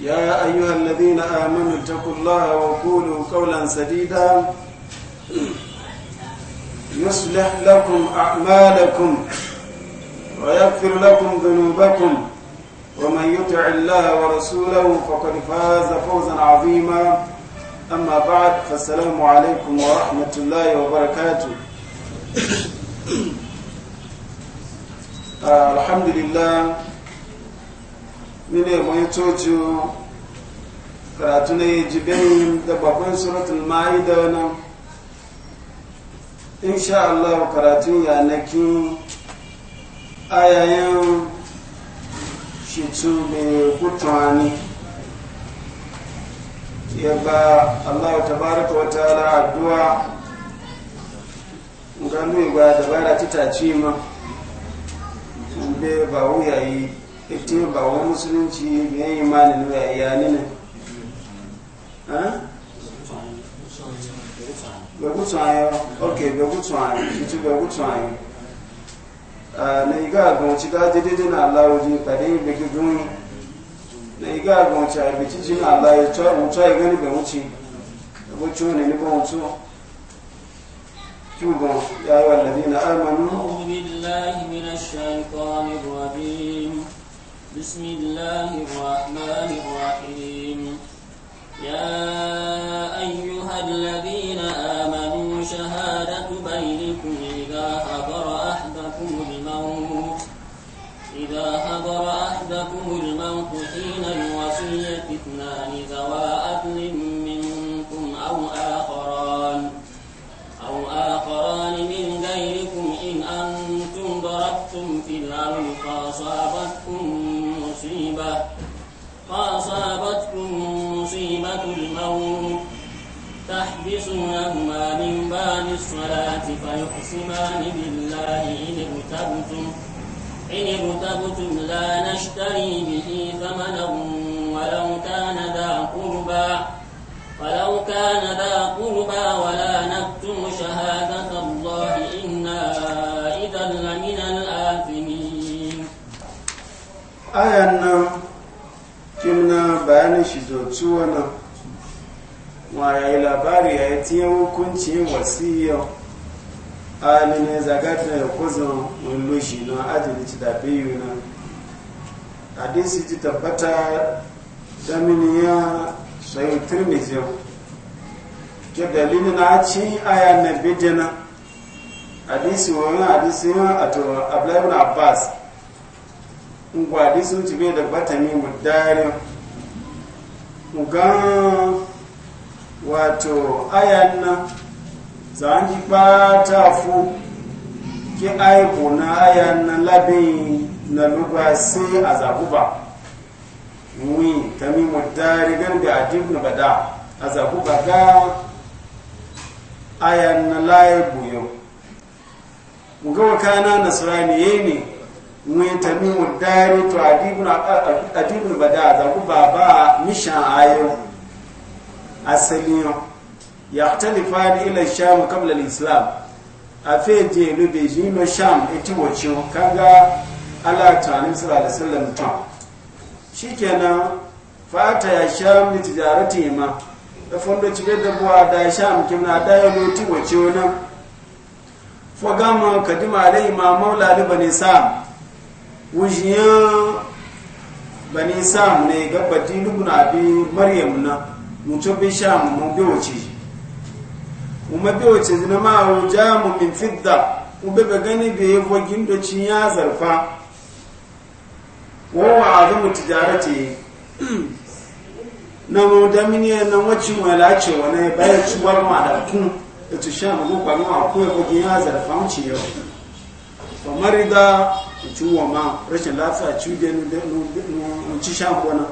يا أيها الذين آمنوا اتقوا الله وقولوا قولا سديدا يصلح لكم أعمالكم ويغفر لكم ذنوبكم ومن يطع الله ورسوله فقد فاز فوزا عظيما أما بعد فالسلام عليكم ورحمة الله وبركاته آه، الحمد لله mine mai coci karatu na yi jibin da babban ma'ida wannan insha Allah karatun yanakin ayayen shitu mai kutuwani ya ba Allah tabaraka wa wata addu'a ganu ba bara ta tace ma be ba wuyayi ite ba wa musulunci ya yi imanin iya iyali ne bẹ̀kútù ayọ́ ok bẹ̀kútù ayọ́ ìtú bẹ̀kútù ayọ́ na iga agbọn ci gaji na alawoji pàdé ìgbẹ̀gbẹ̀ gúnmi na iga agbọn ci àgbẹ̀ jíjí na alaye tó àwùtọ́ igẹ́ níbẹ̀ ń ci ẹgbẹ́ tí ó ní níbọ̀ yi tó kí gbọ̀n na بسم الله الرحمن الرحيم يا أيها الذين آمنوا شهادة بينكم إذا حضر أحدكم الموت إذا حضر أحدكم الموت حين الوصية اثنان ذوى عدل منكم أو آخران أو آخران من غيركم إن أنتم ضربتم في الأرض فأصابتكم فأصابتكم مصيبة الموت تحبسونهما من بعد الصلاة فيقسمان بالله إن ارتبتم إن ارتبتم لا نشتري به ثمنا ولو كان ذا قربى ولو كان ذا قربى ولا نكتم شهادة الله إنا إذا لمن الآثمين. أيا نعم. kimna bayanin shi zoci wani wa ya yi labari ya yi tiye hukunci wasiyya a ne zagata ya kuzin wani shi na ajiyar ci da biyu na hadisi ji tabbata da miniya sayi turmizi ke dalilin na ci aya na bidina hadisi wani hadisi a to abdullahi abbas ngwadi sun ci bai da batami muddarin mugan wato ayanna nan za an ji ki aiko na ayanna nan na luba sai a zabu tami muddari gan da adib na bada a ga ayanna na layi buyo kana wakana nasrani ne weta nun dari to adibun adibun bada da ku baba mishan ayo asaliyo yahtalifan ila sham qabla al-islam afeje lu be jino sham eti wocho kaga ala ta'alim sallallahu alaihi wasallam to shikenan fata ya sham ni tijarati ma da fondo cike da buwa da sham kimna da yalo ti wocho na fo gama kadima alai ma maula libani sam wujiyan bani sam ne gabati na bi maryam na mutum bi sham mun bi Mu ma bi wace na ma mu min fidda ube be gani ya fo gindo ci ya zarfa wa wa azumu tijarati na mu da ya na wacin wala ce wani bayan ciwar ma da kun da tushen abubuwa ma akwai ko ya zarfa mu yau wa marida ciwon ma rashin lafiya ciwon nun ci shan gona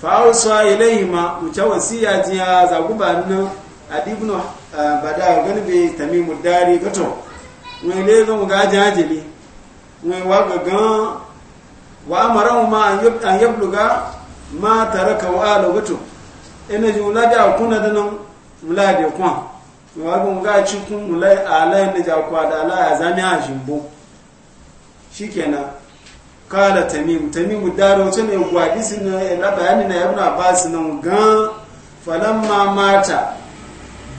fa'ausa ilayhi ma mu ya ji jiya zagu ba nan adibnu eh, bada gani be tamimu dari gato mu ile ga mu gaji hajili mu wa ga wa amara ma an yabluga ma taraka wa alu gato ina ji wula a kuna da nan da kwan wa ga mu ga cikin ulai alayin da jakwa da alai zami a shimbo shikenan kala tamim tamimu daro ce ne gwadisi ne eh, na bayani na ba su nan gan ma mata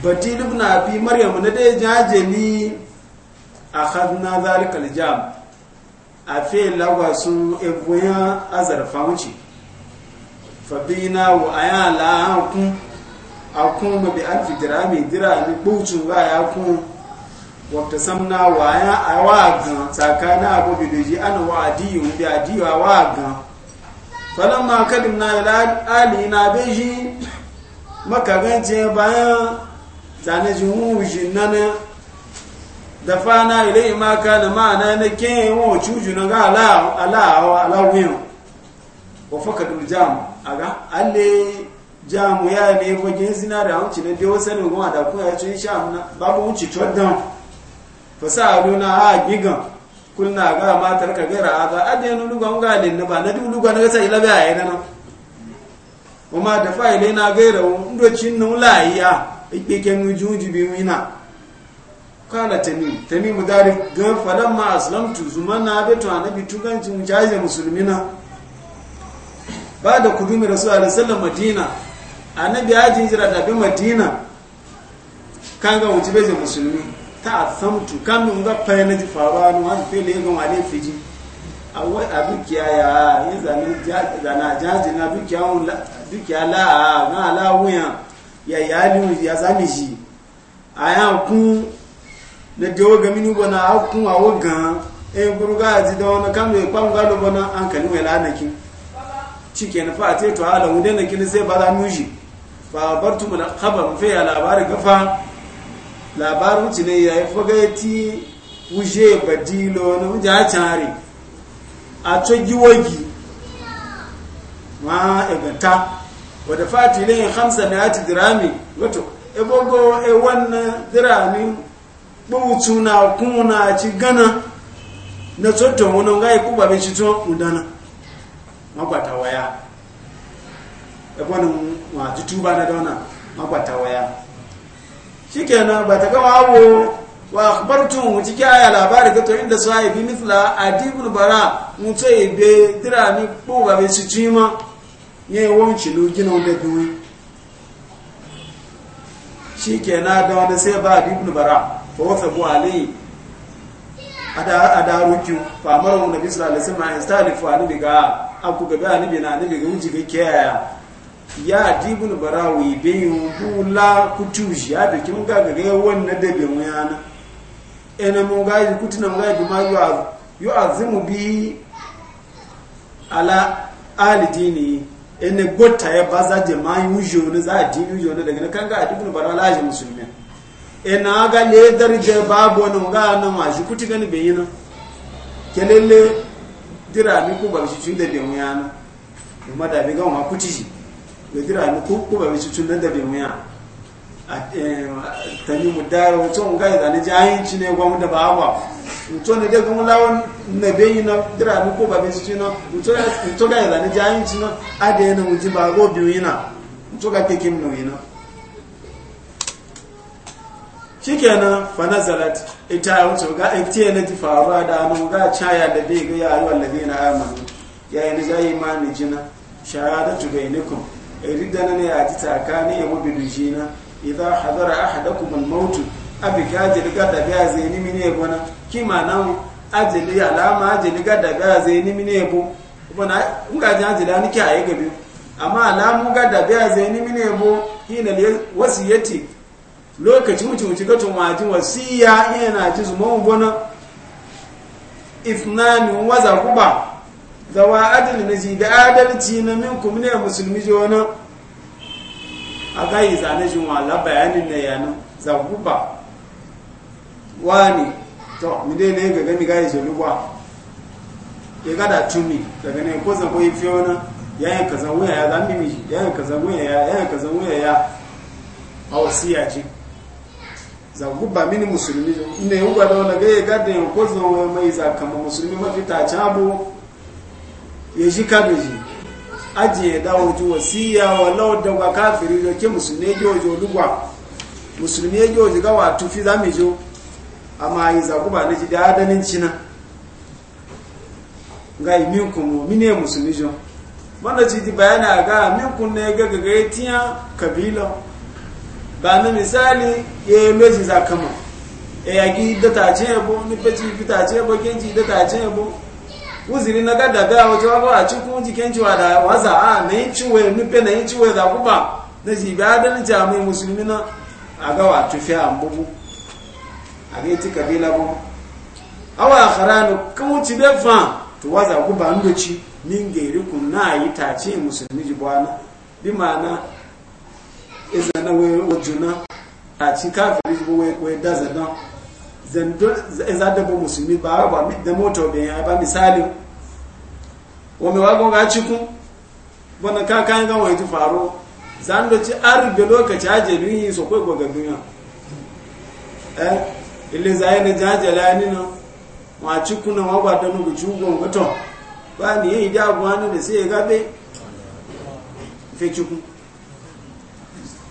batil ibn maryam na dai jaje ni akhadna zalika jam a fi lagwa sun ebuya azarfa wuce fabina wa ayala akun akun bi alfi dirami dirami bucin ga ya kun wata samna waya a wagan tsakanin abubu da ji ana wa adiyu da adiyu a wagan falon ma kadin na ali na beji makagance bayan zane ji wuji nana da fana ilai maka da ma'ana na ke wa cuju na ga alawin wa faka jam a ga alle jamu ya ne bagin zina da hanci na dewa sanin goma da kuma ya cin sha babu wuce troddan fasaluna a gigan kulna ga matar ka gara aza adenu lugan ga na ba na duk lugan ga sai labe ayi no kuma da faile na gaira ndo cin nu laiya ikpeke mu juji bi wina kana tani tani mudari ga falan ma aslamtu na be to anabi ga mu jaje musulmina ba da kudumi allah sallallahu alaihi madina anabi ya jira da bi madina kanga wuce beje musulmi ta samtu kan mun ga fayana ji faruwa no har fele ga wale fiji awai abukiya ya yin zanen zana jaji na dukiya dukiya la na ala wuya ya yali ya zami shi aya kun na dewo ga mini bona akun awo gan e buruga ji da wani kan mai kwan galo bona an kani mai lanaki cike na fa te to ala wude na kin sai ba za mu shi fa bartu mun khabar fa ya labarin gafa labarin ci ne yayi fagati wuje badilo na wuje a cari a cogi wagi ma egata wadda fati ne hamsa da hati dirami wato ebogo e wannan dirami butu na kuna ci gana na tsoton wani ga iku babin ci tso udana makwata waya ebonin ma tutuba na dona makwata waya shikenan ba ta gama abu wa akhbartum cikin aya labari ga to inda sahibi mithla adibul bara ce ibe dirami ko ba be sitima ye wonci lu gina wanda duwi shikenan da wanda sai ba adibul bara fa wasa bu alai ada ada ruku fa amara nabi sallallahu alaihi wasallam istalifu ani biga aku gaba ani bina ani biga wuci ga kaya ya dibun barawi bin yungu la kutuji ya da kin ga ga wannan da bin yana ene mun ga yi kutina mun ga yi ma yu azimu bi ala ali dini ene gota ya za je ma yujo ne za di jo ne daga kan ga dibun barawi la musulmi ina ga le darje babo no ga na ma shi kuti gani bin yana kelele dira mi ku ba shi tun da bin yana kuma da bi ga ma kuti shi gira ni ku ku ba bici tunan da bin wuya ta ni mu dara wato mun ga da ni jahin ci ne gwamu da ba ba mutu ne da gwamu lawon na bayi na gira ni ku ba bici tunan mutu mutu ga da ni jahin ci na ade na mutu ba go bi wina mutu ga ke kim no wina shikenan fa nazalat ita wato ga ita ne ti faruwa da nan ga chaya da bai ga ya ayyuhal ladina amanu ya yi ni ga imani jina shahadatu bainakum ridana ne a ji tsakani ya mabi dujina idan hadara haɗa kuma maut abika ajali gada ga zaini mine gona kima nan ajali alama ajali gada ga zaini mine bo bana muka ji ajali nake ayi gabe amma alamu gada ga zaini mine bo hina wasiyati lokacin mutum mutum gato majin wasiya yana ji zuma gona ifnani waza kuba zawa adil na ji da adalci na minkum ne musulmi ji wani a gayi zane jin wala bayanin na yana zaguba wani to mi dai ne gaga mi gayi zoluwa ya gada tumi daga ne ko zango yi fiye wani yayin ka zango ya zambi ya yayin ka zango ya yayin ka zango ya a wasiya ce zaguba mini musulmi ne yi gwada wani gaya gada yankozan wani mai zakama musulmi mafi ta can abu ya ji kabeji ajiye da wajen wasiya wala da ga kafiri da ke musulmi ya wajen olugwa musulmi ya wajen gawa tufi za mu jo amma yi zaku ba na ji da adanin cina ga yi min kuma mine musulmi jo wanda ci di a ga min kun ne ga ga tiya kabila ba na misali ya yi loji za kama ya yi da ta ce yabo ni fita ce yabo kenji da ta ce yabo uziri ah, na gadaga wato wako a cikin jikin cewa waza a na yin ciwo ya nufe na yin ciwo ya zaku na ji ba adalci a mai musulmi na a gawa tufi a mbubu kabila bu awa a haranu kan ci fa to waza ku ba ndoci min gairi ku na yi tace musulmi bwana bi ma'ana izana wajuna a ci kafiri ji bu we daza don zando za da bo musulmi ba ba da moto be ya ba misali o me wago ga ciku bona ka kan ga wai tu faro zando ci arbe lokaci aje ni so ko ga duniya eh ile zai ne jaje la ni no wa ciku na wa ba da mu jugo goto ba ni yi da gwanu da sai ga be fe ciku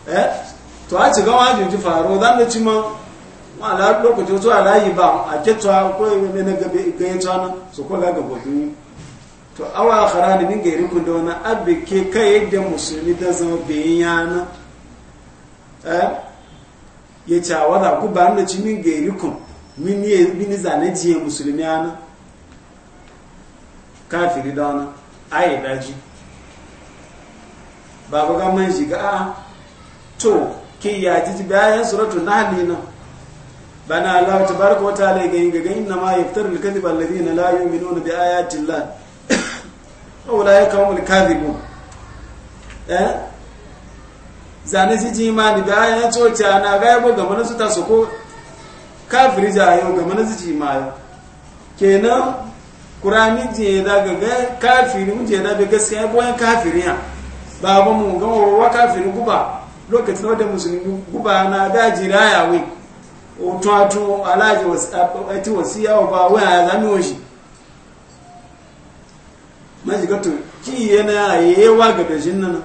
eh to a ci ga wa ju faro zando ci ma ma la lokacin zuwa layi ba a kitwa ko ne na gabe gaye tsana su ko ga gobe to awa khara ne min gairin kun da wannan abbe ke kai da musulmi da zama bayyana eh ya tawa da ku ba na min gairin kun min ye min zane jiye musulmi ana kafiri da wannan ayi daji ba ga man shiga a to ke ya ji bayan suratul nahl na. bana Allah tabaraka wa ta'ala ga yin ga inna ma yaftaru al-kadhiba alladhina la yu'minuna bi ayati Allah ulaika humul kadhibun eh zane si ji imani bi ayati chocha na ga yabo ga mana su ta su ko kafiri ja yau ga mana su ji imani kenan qur'ani je da ga ga kafiri mun je da ga gaskiya boyan kafiriya babu mu ga wa kafiri guba lokacin da musulmi guba na da jiraya wai utwatu alaji wasi wasiya ba waya zanoshi maji gato ki yana yewa ga dajin nan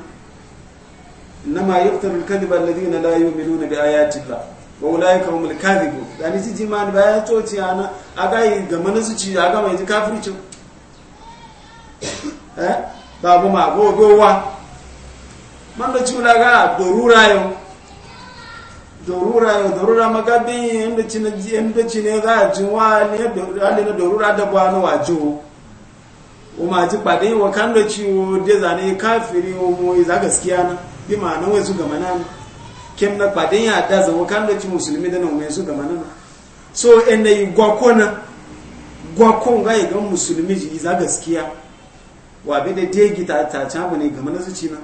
inma yaftar alkadhiba alladhina la yu'minuna bi ayati la wa ka humul kadhibun dani ji jimani ba ya toci ana aga yi ga su ci aga mai kafirci eh babu ma wa man da ci ulaga dorura yau dorura ya dorura magabi inda cine inda cine za a ji wa ne da ne dorura da ba no wajo o ma ji pade wa kan da ci o de zane kafiri o mo za gaskiya na bi ma na wai su ga manana kem na pade ya da za wa kan da ci musulmi da na mai su ga manana so en enda yi gwako na gwako ga yi ga musulmi ji za gaskiya wa bi da degi ta ta ta ne ga manana su ci na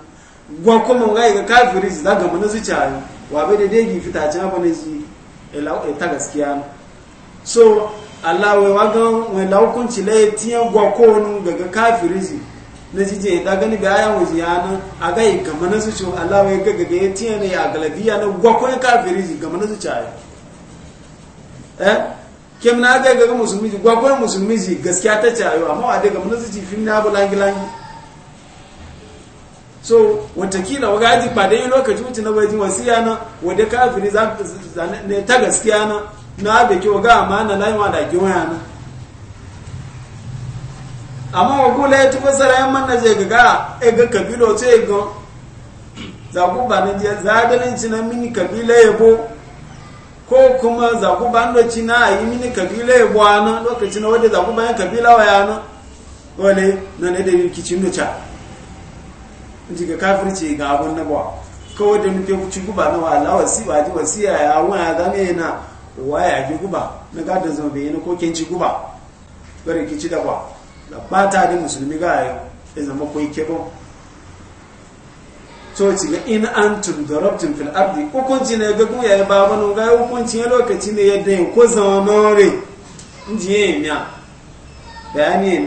gwa kuma ngai ga kafiri su daga mun su cayo wa bai da dai fita ci na bane su ta gaskiya so Allah wai waga wai laukunci lai tiyan gwa ko nun daga kafiri su na jije da gani ga ayan wuji yana e? a ga ga mun su ci Allah wai ga ga ya tiyan ne a galabiya na gwa ko kafiri su ga mun su cayo eh kem na ga ga musulmi gwa ko musulmi gaskiya ta cayo amma wa daga mun su ci fin na bulangi langi so watakila waga aji pada yi lokaci mutu na wajen wasu yana wadda kafiri ne ta gaskiya na na abe ki waga amana na yi wa da ki waya na amma wa gula ya tuba sarayen man na je ga ga kabilo ce ga zaku ba na je zadalinci na mini kabila bo ko kuma zaku ba ndo ci na yi mini kabila yabo ana lokaci na wadda zaku ba yan kabila waya na wale na ne da yi kicin ca jiga ga abun na ba kawai da nufe kuci guba na wala wasi ba wasi ya ya wun ya na waya ji guba na gadon zama bai na kokin ci guba ki ci da ba da bata da musulmi ga yau ya zama kwai ba so ci ga in antum darabtum fil ardi hukunci ne ga guya ya ba ga ya lokaci ne yadda yin ko zama more inji miya bayani ya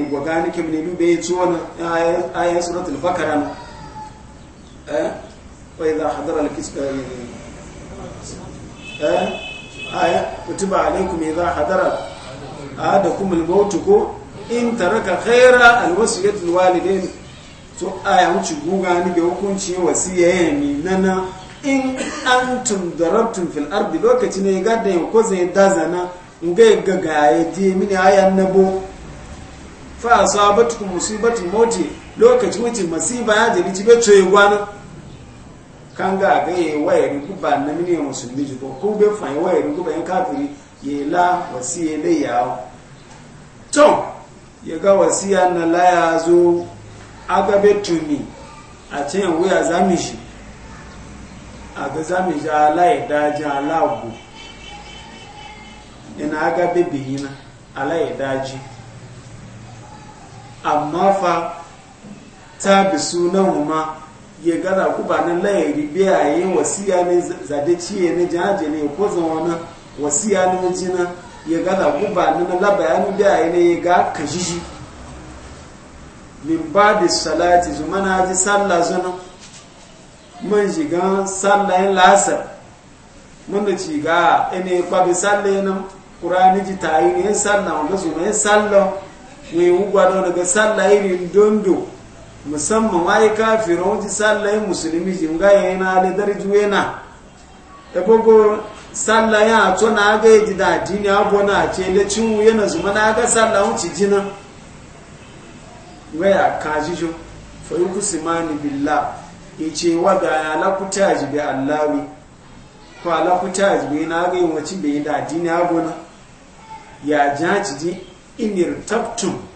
ci وإذا حضر الكسب آية كتب عليكم إذا حضر أحدكم الموت إن ترك خيرا الوصية الوالدين so aya wuce guga ni da hukunci wasiya ya mi nana in antum darabtum fil ardi lokaci ne ga da ko zai dazana nga ga ga ya je mini aya nabo fa su musibatul mauti lokaci wuce masiba ya je ni ci be tsoye gwana kanga ga ye waye guba na mini musulmi jibo ko be fa ye waye guba yan kafiri ye la wasiye le yawo to ya ga wasiya na la ya zo aga be tumi a ce yan wuya zami shi a ga zami ji ala ya da daji ala gu ina aga be biyina ala ya da daji amma fa ta bi sunan ma ya gaza ku ba nan laye ribiya ya yi wasiya ne zade ciye ne jihaje ne ko zama na wasiya ne jina ya gaza ku ba nan labayanin biya ya ne ya ga kashishi min ba da salati zuma na ji sallah zuna mun shiga sallayin lasar mun da ci ga ene kwabi sallayin nan ƙurani ji ta tayi ne sallah wanda zuma ya sallah mai wugwa daga sallayin dondo musamman waye kafirin ji sallayin musulmi ji nga yi na da darju yana da gogo e sallaya a to na ga yi da dini abuwa na ce da cinwu yana zuma na ga sallahun ci jina waya ka kaji jo fayin simani billa e ce waga ya lakuta ji bi allawi ko alakuta ji bi na ga yi wacin bai da dini abuwa na ya ci ji inirtabtum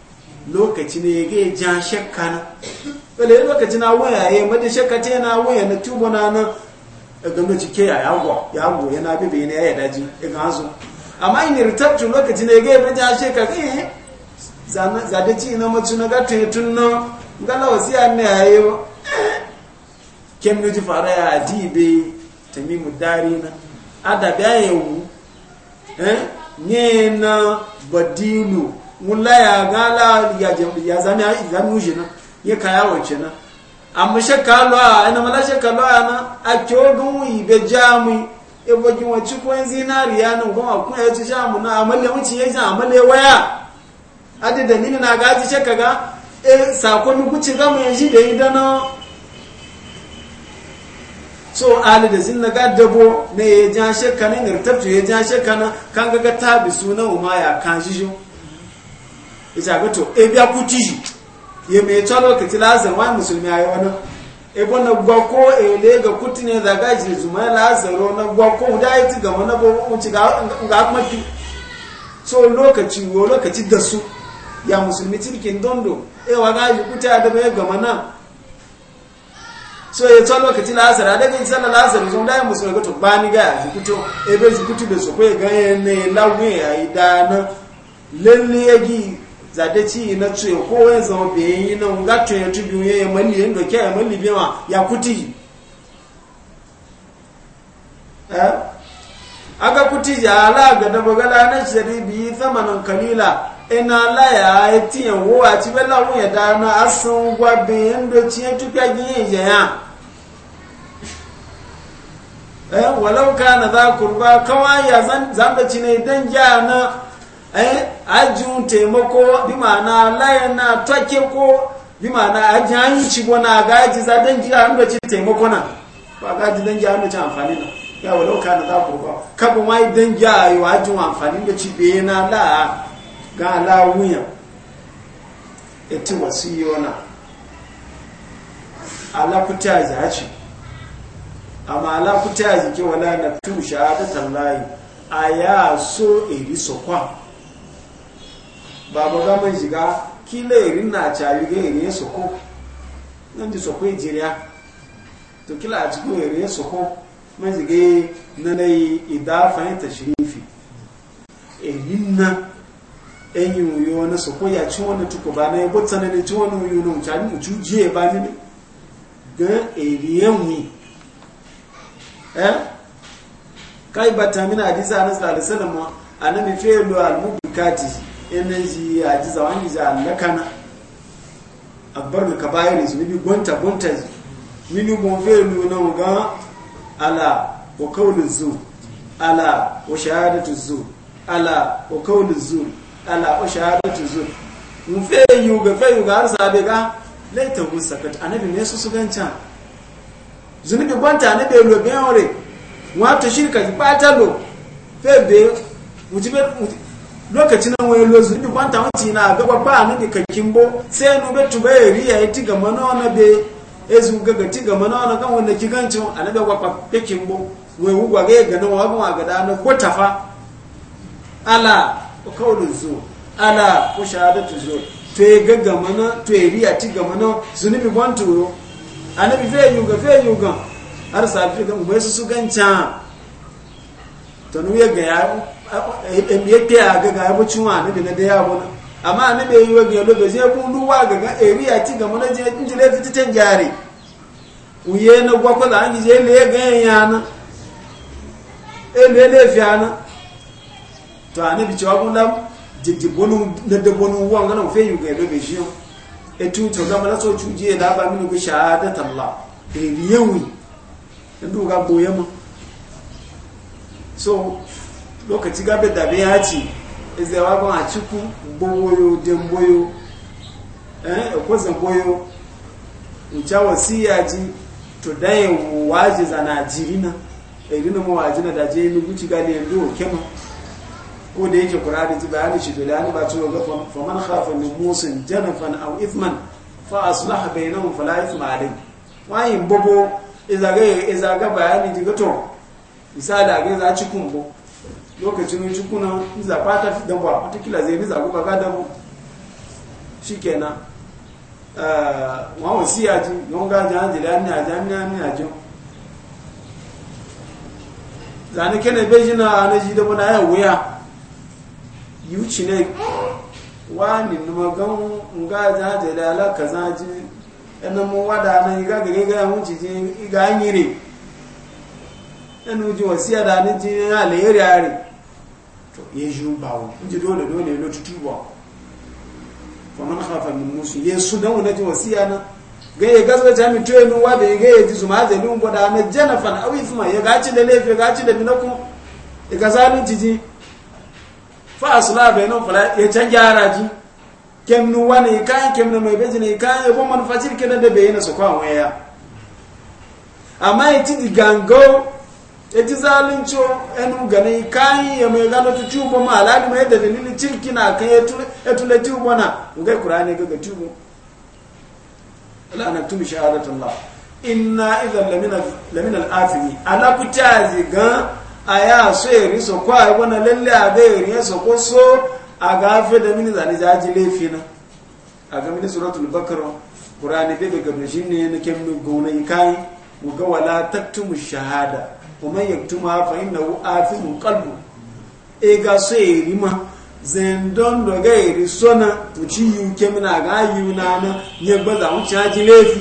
lokaci ne ga ja shakka na wale lokaci na waya ya mada shakka ta yana waya na tubo na nan ga mace ke ya yago yago yana bibi ne ya daji ga azu amma in ritabtu lokaci ne ga ja shakka ga eh zade ci na mace na gato ya tunno ga lawasiya ne yayo kem ne ji fara ya dibe tamimu darina adabi ayewu eh nye na badilu mula ya gala ya zami zami uje na ya kaya wace na amma shakka a ina mala shakka a na a kyogun ibe jami ebogin bakin kwan zinari ya na kuma kun ya ci jamu na amalle wuce ya jan amalle waya da nini na gazi shakka ga e sakon kuci gama mu ji da na? so ali da zin ga dabo ne ya jan shakka ne ngartabtu ya jan shakka na kan ga ta bi sunan umaya kan jijin ita ga to e biya kuti ye me ta lokaci lazan wani musulmi ayi wani e bona gwako e le ga kuti ne da gaji zuma lazaro na gwako da yi ti gama na gogo mu ci ga ga kuma ki so lokaci wo lokaci da su ya musulmi tilkin dondo e wa ga yi kuti da bai gama na so ya ta lokaci lazar a daga isa lazar zon da ya musulmi ga to ba ni ga ya kuto e bai kuti da su ko ya ga ne lagun ya yi da na lalle ya zade ci na tsoye ko wani zama bayan yi na ga tsoye tu biyu ya mali yin doke ya mali bema ya kuti eh aka kuti ya ala ga da bagala na shari biyi zamanin kalila ina la ya yi tiyan wo a ci bela wun ya da na asan gwa bayan doci ya tuka gini ya ya eh walau ka na za kurba kawai ya zan da ci ne dan ya na eh ajin taimako bi ma'ana layan na take ko bi ma'ana ajin hanci gona gaji za ji a hannu ci taimako na ba gaji dangi a hannu ci amfani na ya walau ka na za ku ba kaba ma dangi a yi wa ajin amfani da ci beye na la ga ala wuya eti wasu yi wana ala ku ta zaci amma ala ku ta zike wala na tu shahadatan layi a ya so iri e sokwa baba ga mai shiga kila irin na cayu ga irin soko nan ji soko ijiriya to kila a cikin irin soko mai shiga na na idafa ya tashirifi irin na enyi uyo na soko ya ci wani tuku ba na ya bota na ne ci wani uyo na mutane mutu jiye ba ne ga irin wi eh kai ba ta mina hadisa anas sallallahu alaihi wasallam annabi fi'lu al-mubikati energy a ji zawan ji a lakana abbar da kabayar su bibi gonta gonta minu bon felu na ga ala wa kaulu zu ala wa shahadatu zu ala wa kaulu zu ala wa shahadatu zu mun feyu ga feyu ga har sabe ga laita gun sakat anabi ne su su can zunubi gwanta anabi lo biyan ore wato shirka ba ta lo febe mutibe lokacin nan wani lozu ni kwanta wanci na gaba ba ni da kakin bo sai nu betu ba ya e riya ya e ti gama na wani be ezu gaga ti gama na wani kan wanda kigancin gaba gwakwa kin bo wai wu ga ya gana wa gama ga dano ko tafa ala kawulun zo ala ko shahadatu zo to ya gaga mana to ya riya ti gama na zunubi kwan turo anabi fe yuga fe yuga har safi ga ubai e su su gancan tanu ya e, e, e, ga ya tiya ga ga ya bucin wa ne da da ya bona amma ne bai yi wage lo zai bu duwa ga ga area ti ga mun je inji le fiti tan jari uye na gwa ko da an je le ga ya na e le le fi ana Tɔ ane bi cewa kun lam jiddi bonu na da bonu wa ga na fe yu ga lo be shi e tu to ga mala so chuje da ba minu ga shahadatan la e liyewi ndu ga boye mu so lokaci gabe bai ya ci izawa ba a ciku gbowoyo demboyo eh ko kwazan boyo wasi ya ji to da ya waje za najirina irina mu waje na daje ni guci gani yanzu o kema ko da yake kura qur'ani ji bayani shi dole an ba to ga faman hafa ne musin janafan aw ifman fa aslaha bainahum fala ithma alayhi wa in bobo izaga izaga bayani ji to misali abin za a ci kumbo lokacin yin ci kuna za fata fi dabo a watakila zai riza ko baka dabo shi kenan wọn wọ sí yawon wọn ga jẹ àjẹlẹ a jami'a ní àní àjọ zani kene beji na ji dabo na yawon wuya yuci ne ni numa gan nga jẹ àjẹlẹ alaka zaji ẹnu mu wada na iga gẹgẹ gẹgẹ wọn ci jẹ iga anyere ẹnu jí wọ̀n sí ẹ̀dá ní ti àlè èrè àrè tó yé ju ń bà wọ́n jí dóòlè dóòlè ló tutù wọ̀ fọmọ náà fà mú sùn yé sùn dáhùn náà jí wọ̀n sí ẹ̀ná gẹ́yẹ gásọ́gbẹ́ tí a tó ẹnu bẹ̀ gẹ́yẹ na fana awí fún ma yẹ gàá ti lẹ́lẹ́ fẹ́ gàá ti lẹ́mi náà ní fọlá yẹ jí ní na sọ̀kọ́ àwọn ẹ̀yà ya ji zalunci yan ganin kayan ya mai gano tu tubo ma alali mai da dalilin cirki na kan ya tula tubo na ngai kurani ga tubo la na tumi shahadatullah inna idan lamina lamina al'afimi ala kutazi ga aya so ya riso kwa ai wana lalle a ga yari so ko so a ga fe da mini zani jaji lefi na a ga mini suratul bakara kurani bebe ga ne na kemno gona yi kai mu ga wala taktumu shahada ومن يكتمها فإنه آثم قلبه إيغا سيرما zendon da gairi sona uci yuke muna ga yunana ya ba za mu caji lefi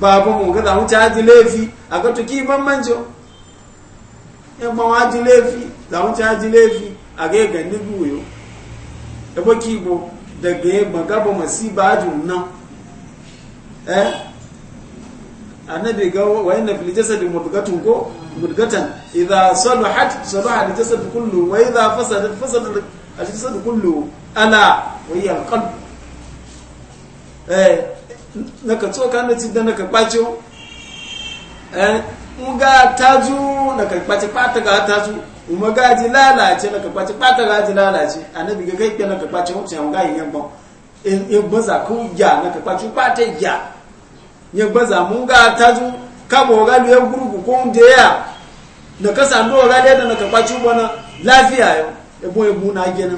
babu mu ga za mu caji lefi a ga tuki bambanco ya ba wa ji lefi za mu caji lefi a ga e ga ni buyo ya ba ki nan eh annabi ga wayanna fil jasadi mudgatun ko mudgatan idza salahat salaha al-jasad kullu wa idza fasadat fasada al-jasad kullu ala wa hiya al-qalb eh naka dan naka eh muga taju kwata ga lalace naka ga ji lalace wuce an ga yin in ku ya naka kwata ya mun ga taju kabo ga luye gurgu ko nde ya na kasa ndo ga le da na ka kwaci bona lafiya yo e bo e bu na gena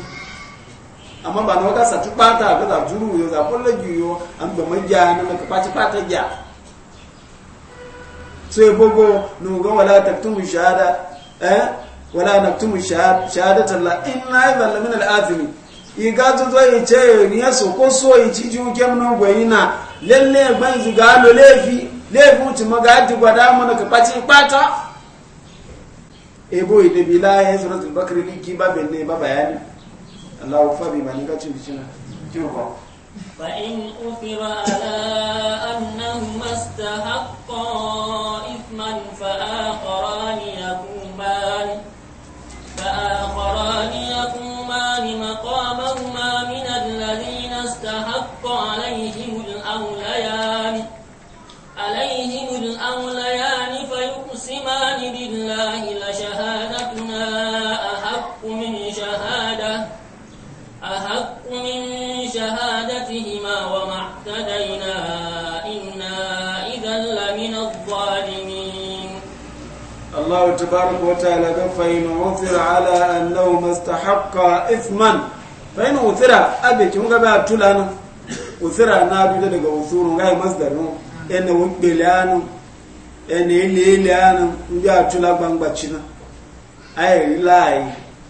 amma ba na kasa tu pata ga da juru yo za kullu yo an ba ja na ka kwaci pata ja so e bogo no ga wala taktumu shahada eh wala naktumu shahadatan la inna idhan lamin al-azimi igazu zo yi ce ni ya so ko so yi ci ju kemno gwayina lalle ban zuga lo lefi laifin ci magaji gwada mana ka ɓaci ɓata ebo ide bila ya ba benne ba bayani allahu fabi ma ni ka cin bicina kyau فإن أثر على تبارك وتعالى فإن عثر على أنه ما استحق إثما فإن عثر أبي كم قبع تلانا عثر نابد لك عثور غير مصدر إن وقبلان إن إلي نجا تلا بانباتشنا أي لاي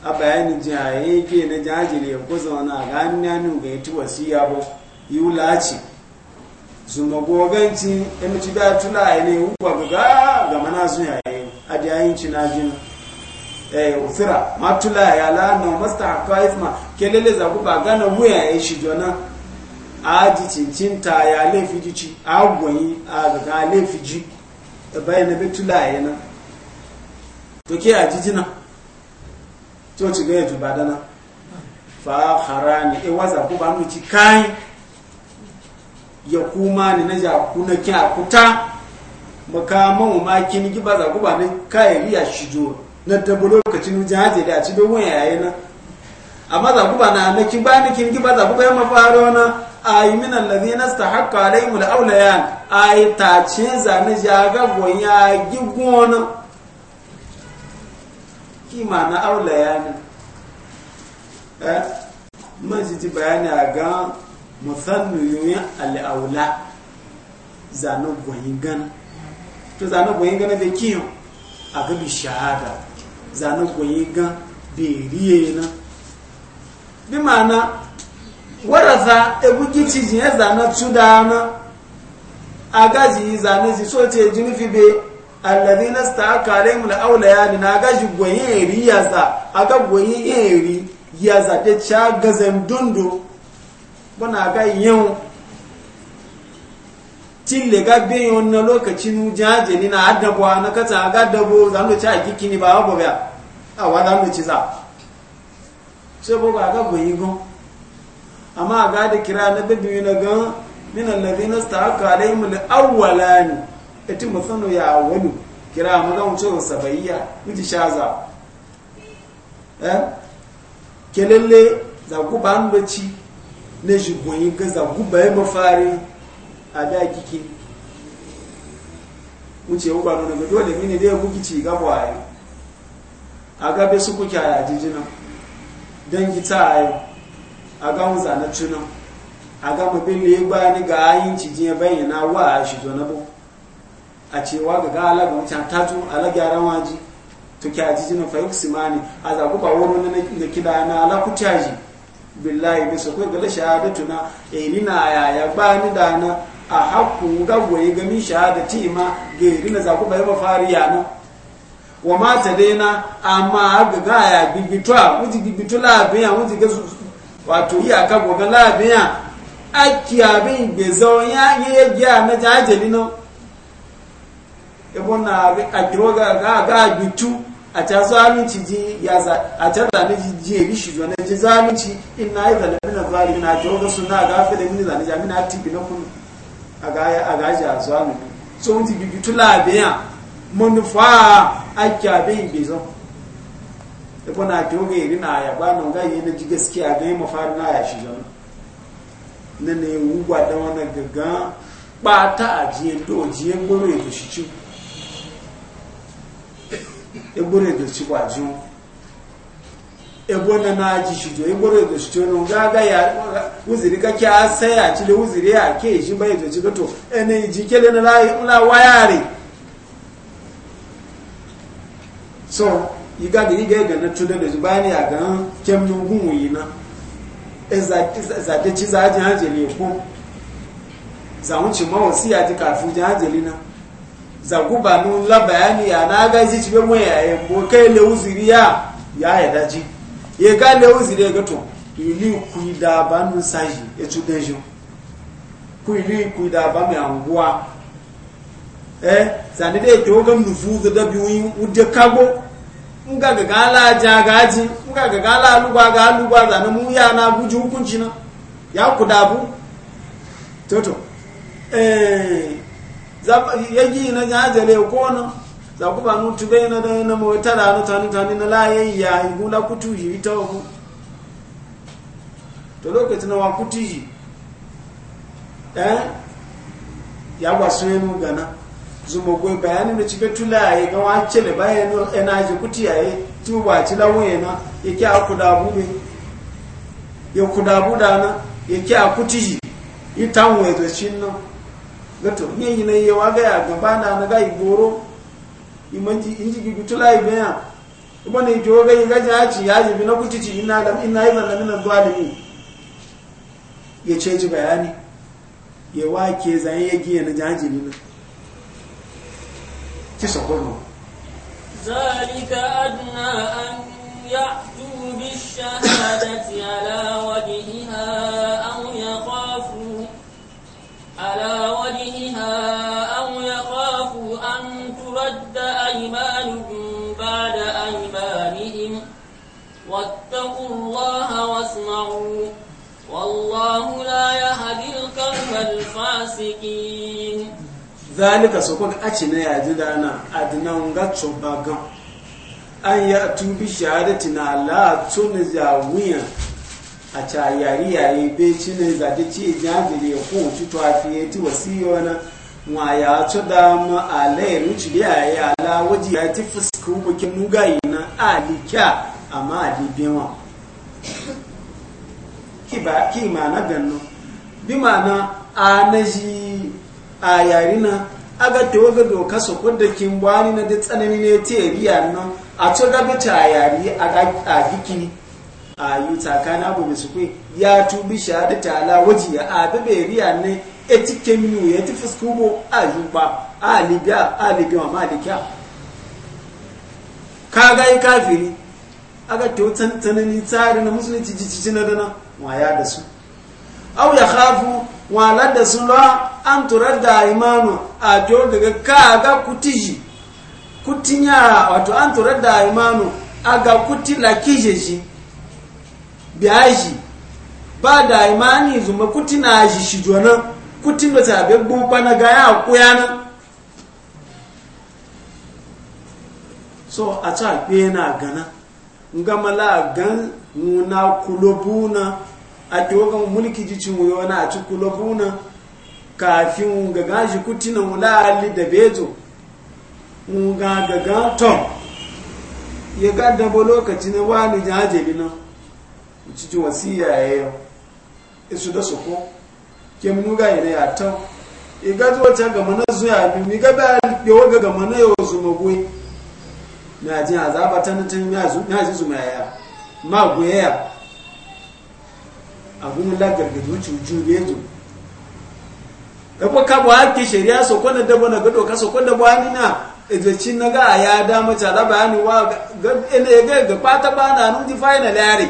abayani jaye ke na jajiri ya kusa wani a ganin ga ya ci wasiya يولاتي yi wulaci su magoganci ya mace da tuna a ne hukwa ga mana sun adi ayin cina jina eh ufira matula ya la no masta akaisma kelele za ku ba Gana wuya ya shi jona aji cincin ta ya laifi ji ci a ga laifi ji da bayan na betula ya na to ke ji jina to ci ga ya tubadana fa harani e waza ku ba mu ci kai ya kuma ni na ja ku na ki akuta makaman ma kin gi ba za ku ba nan kai riya shijo na dabo lokacin wajen haje da ci don waya yayin nan amma za ku ba na na kin ba ni kin giba ba za ku ba mafaro na ayi min alladhina istahaqqa alayhim awliyan ayi ta ce za na jaga gonya gi gona ki ma na awliyan eh man ji bayani a ga musannu al-awla zanen gwayin gana to zane goyi gana bai kiyo a ga bi shahada zane goyi gan bai riye na bi ma'ana warasa ebuki cijin ya zane tuda na a gaji zane ji so ce jini fi be allazi na sta aka alaihim la'aula ya na gaji goyi eri ya za a ga goyi eri ya za ta ca gazan dundu bana ga yau cin cille ga biyan wannan lokacin jaje ni na adabuwa na kata a gadabu za mu ci hakiki ni ba ba ba a wa za mu ci za sai bo a go yi gun amma a gada kira na yi na ga min alladhina sta'aka alaihim al-awwalani e mu sanu ya wani kira mu ga mu wa sabayya mu sha za eh kelele za ku ban ci ne shi go ga za ku bai mafari a da kike wuce ba nuna ga dole mini dai kuki ci gaba a a gabe su kuke a jijinan don gita a yau a ga mu zane tunan a ga mu bin ya ba ga ayin cije bayyana wa a shi zo na bu a cewa ga ga alaga mutan tatu alaga yaran waji to kya jijina fa yuksimani a zaku ku ba wani na kida na ala ku billahi bisa ko ga shahadatu na elina eh, ya ya ba ni na a haku gagwaye ga shahada ce ma ga yi na zaku bai mafari ya nan wa mata daina amma ga gaya bibitwa wuji bibitu labiya wuji ga wato yi aka goga labiya ake abin zaun ya yi ya gya na jajali nan ebo na kiro e ga ga bitu a ta zalunci ji ya za a ta zalunci ji ya e rishi zuwa na ji zalunci in na yi zalunci na zalunci na kiro ga suna gafe da mini zalunci amina tibi na kunu agaya agaja zanu so unti bibi tula biya manufa akya bai bezo e bona joge irina ya ba no ga na ji gaskiya ga mu fara na ya shi zanu ne ne ugwa da wana gaga pata ajiye do jiye ngoro e do shi chu e ngoro e do shi kwa jun ebona na chishidzo ingoro yedzo chitono ngaga ya uziri kake asaya chile uziri yake chimba yedzo chitoto ene ijikele na la wayari so yiga de yiga ga na tunde de zubani ya ga kem nungun yina eza za de chiza aje aje le ko za unchi ma wasi aje kafu je aje za guba nun la bayani ya na ga ji chibe mo ya e bo kai uziri ya ya ya ye ga le uzi le gato ili kuida ba nu saji etu dejo ku ili kuida ba mi angwa eh zani de to ga mu fu da bi wi ude kago nga ga gala ja gaji nga ga gala lugwa ga lugwa zani mu ya na guju hukunci e, na ya kudabu toto eh zaba yaji na jajale ko na za ku ba nu da na mawata da nu tani tani na laye ya igula kutu yi ita ku to lokacin na wa kutu yi eh ya ba su yanu gana zuma goyi bayanin da ci betula ya ga wa cele bayan yana ji kuti ya yi tuba ci lawo yana yake a kudabu ne ya kudabu da na yake a kuti yi ita wezo shin nan gato ne yi na yi wa ga gaba na na ga igoro imanti inji gi gutula ibenya ubone ijoga ingaja achi yaji bina kutici ina lam inna ila lam min zalimi ya ceji bayani ya wake zan ya giya na jaji bina ki sokono zalika adna an ya'tu bishahadati ala wajhiha aw yaqafu ala wajhiha يسمعوا والله لا يهدي القوم الفاسقين ذلك سكون أتنا يا جدانا أدنا ونغتشو باقا أن يأتوا بشهادتنا لا تنزع ويا yari yari be ci ne zaɗi ci ya kun ci tuwafi ya wa ya ci dama a layar wuce da yayi ala waje ya ti fuska bukin nugayi na alikya amma alibiyan ki ba ki mana ganno bi mana a na ji a yari na aga to ga doka so ko da kin bani na da tsanani ne te biya no a to ga bita yari a ga a gikini a yu takana abu bisukwe ya tubi shahada ta ala waji ya a bebe riya ne etike minu ya ti fuskubo a yi yuba a libya a libya ma malikiya ka ga yi kafiri aga to tsanani tsari na musulunci jicici na dana waya ya da su au ya khafu wa la da su la an da imanu a jo daga ka ga kutiji kutinya wato an da imanu aga la kijeji biaji ba da imani zuma na ji shi jona kuti da ta be gbo na ga ya na. so a ta na gana ngama la gan muna kulobuna a togan mulki jici mu yona a ci kulobuna kafin ga gaji kutina mula ali da bezo nga ga ga to ya ga da bo lokaci ne wani jaje bi na cikin wasiya yayo isu da su ko ke mun ga ina ya to iga zo ta ga mana zuya mi ga ba yo ga ga mana yo zuma goyi na jin azaba ta nutun ya zuzu mai ya ma a abun la gargadu cuju bezu da kwa kabo hake shari'a so kwana dabo na gado ka so dabo ba ni na ejeci na ga a ya da mace da bayani wa ga ene ga ga pata ba na nu di final yare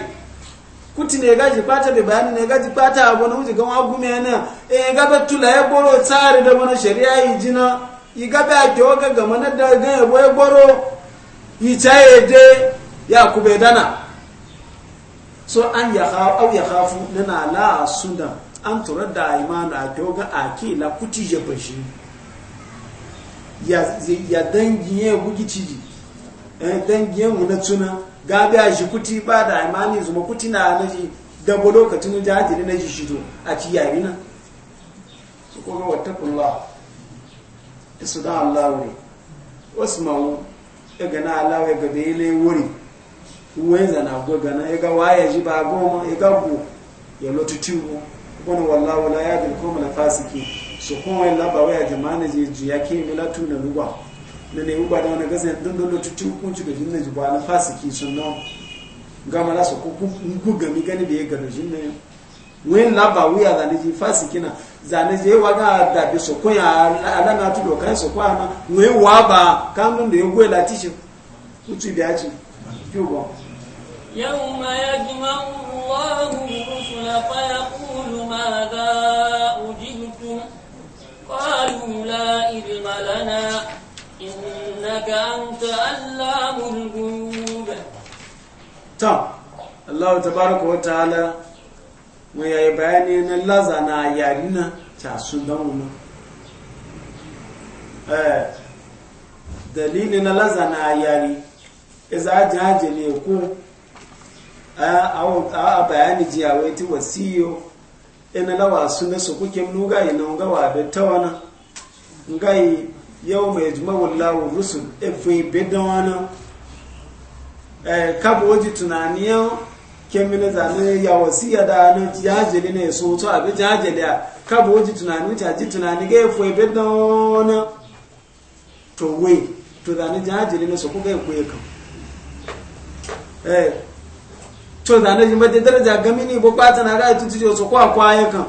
kuti ne gaji ji pata be bayani ne gaji ji pata abu na wuce gama gumi gume na e ga ba tula ya boro tsari da bana shari'a yi jina yi ga ba ke o ga ga na da ya boro de ya kube dana so an ya au ya khafu nana la sudan an tura da imanu a doga a ke la kuti ya bashi ya ya dangiye bugi ciji eh dangiye mu na tuna gabi a shi kuti ba da imani zuma kuti na naji dabo lokacin da na ji shido a ci yayi na su wata kula da su da allawai wasu wasma'u Egana na alawa ga da ile wuri uwe zana go ga na ga waya ji ba go ga go ya lotu tiwo wani wallahi la yadil kuma na fasiki su kuma la ba waya jama'a ji ji yake milatu na ruwa na ne uba da wani gasa ya dun lotu tiwo kun ci ga jinna ji ba na fasiki sunna gama la su ku gami gani da ya ga jinna yau la ba waya da ji fasiki na zane wa ga da bi soko ya ala na tu dokan soko no we wa ba kan nun da yego la tisho utu bi aji jubo yawma yajma'u Allahu rusula fa yaqulu madha ujibtum qalu la ilma lana innaka anta allamul ghuyub ta Allah tabaaraka wa ta'ala mai ya yi bayani na laza na yari na casun don wuna. Eh, dalilin na laza na yari iza e ajiye ne ku a bayani jiyawai ti siyo. ina e lawa su na su kuke yi ina gawa da tawana yi yau mai jimawar lawon rusun efe bedawana eh, kabu tunani tunaniyan kemini zane ya wasiya da no jajeli ne so to abi jajeli a ka bo ji tunani ta ji tunani ga fo ebe don to we to zane jajeli ne so ko ga ku e kan eh to zane ji mate daraja gamini bo kwata na ga tutu jo so kwa kwa e kan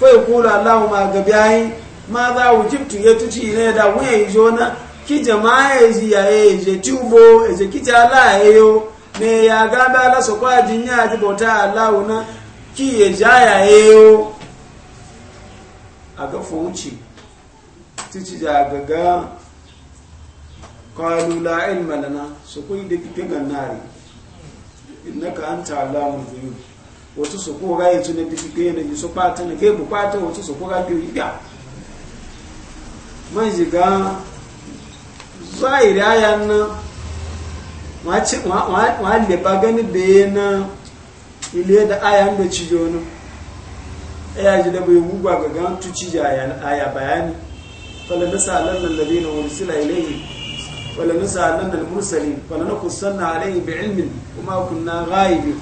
fo e ku la Allah ma ga biyi ma za wujibtu ya tutu ne da we jona ki jama'a e ji ya e je tubo e je ki ta la e yo me ya gaba la so kwa jinya ji bota Allah na ki ye jaya eyo aga fuci tici ja gaga qalu la ilma lana so ko ide kike ganari innaka anta alamu dhuyub wato so ko ga yitu ne kike ne so pata ke bu pata wato so ko ga bi ida manji ga zahiri wọ́n da bá gani da yi na ilé da aya da ci jonu aya ji da bai gugwa ga gan tuci ji aya bayani fala nasa alannan da na wursila ilayhi wala nasa alannan mursali wala na kusanna alayhi bi ilmin kuma kunna ghaibi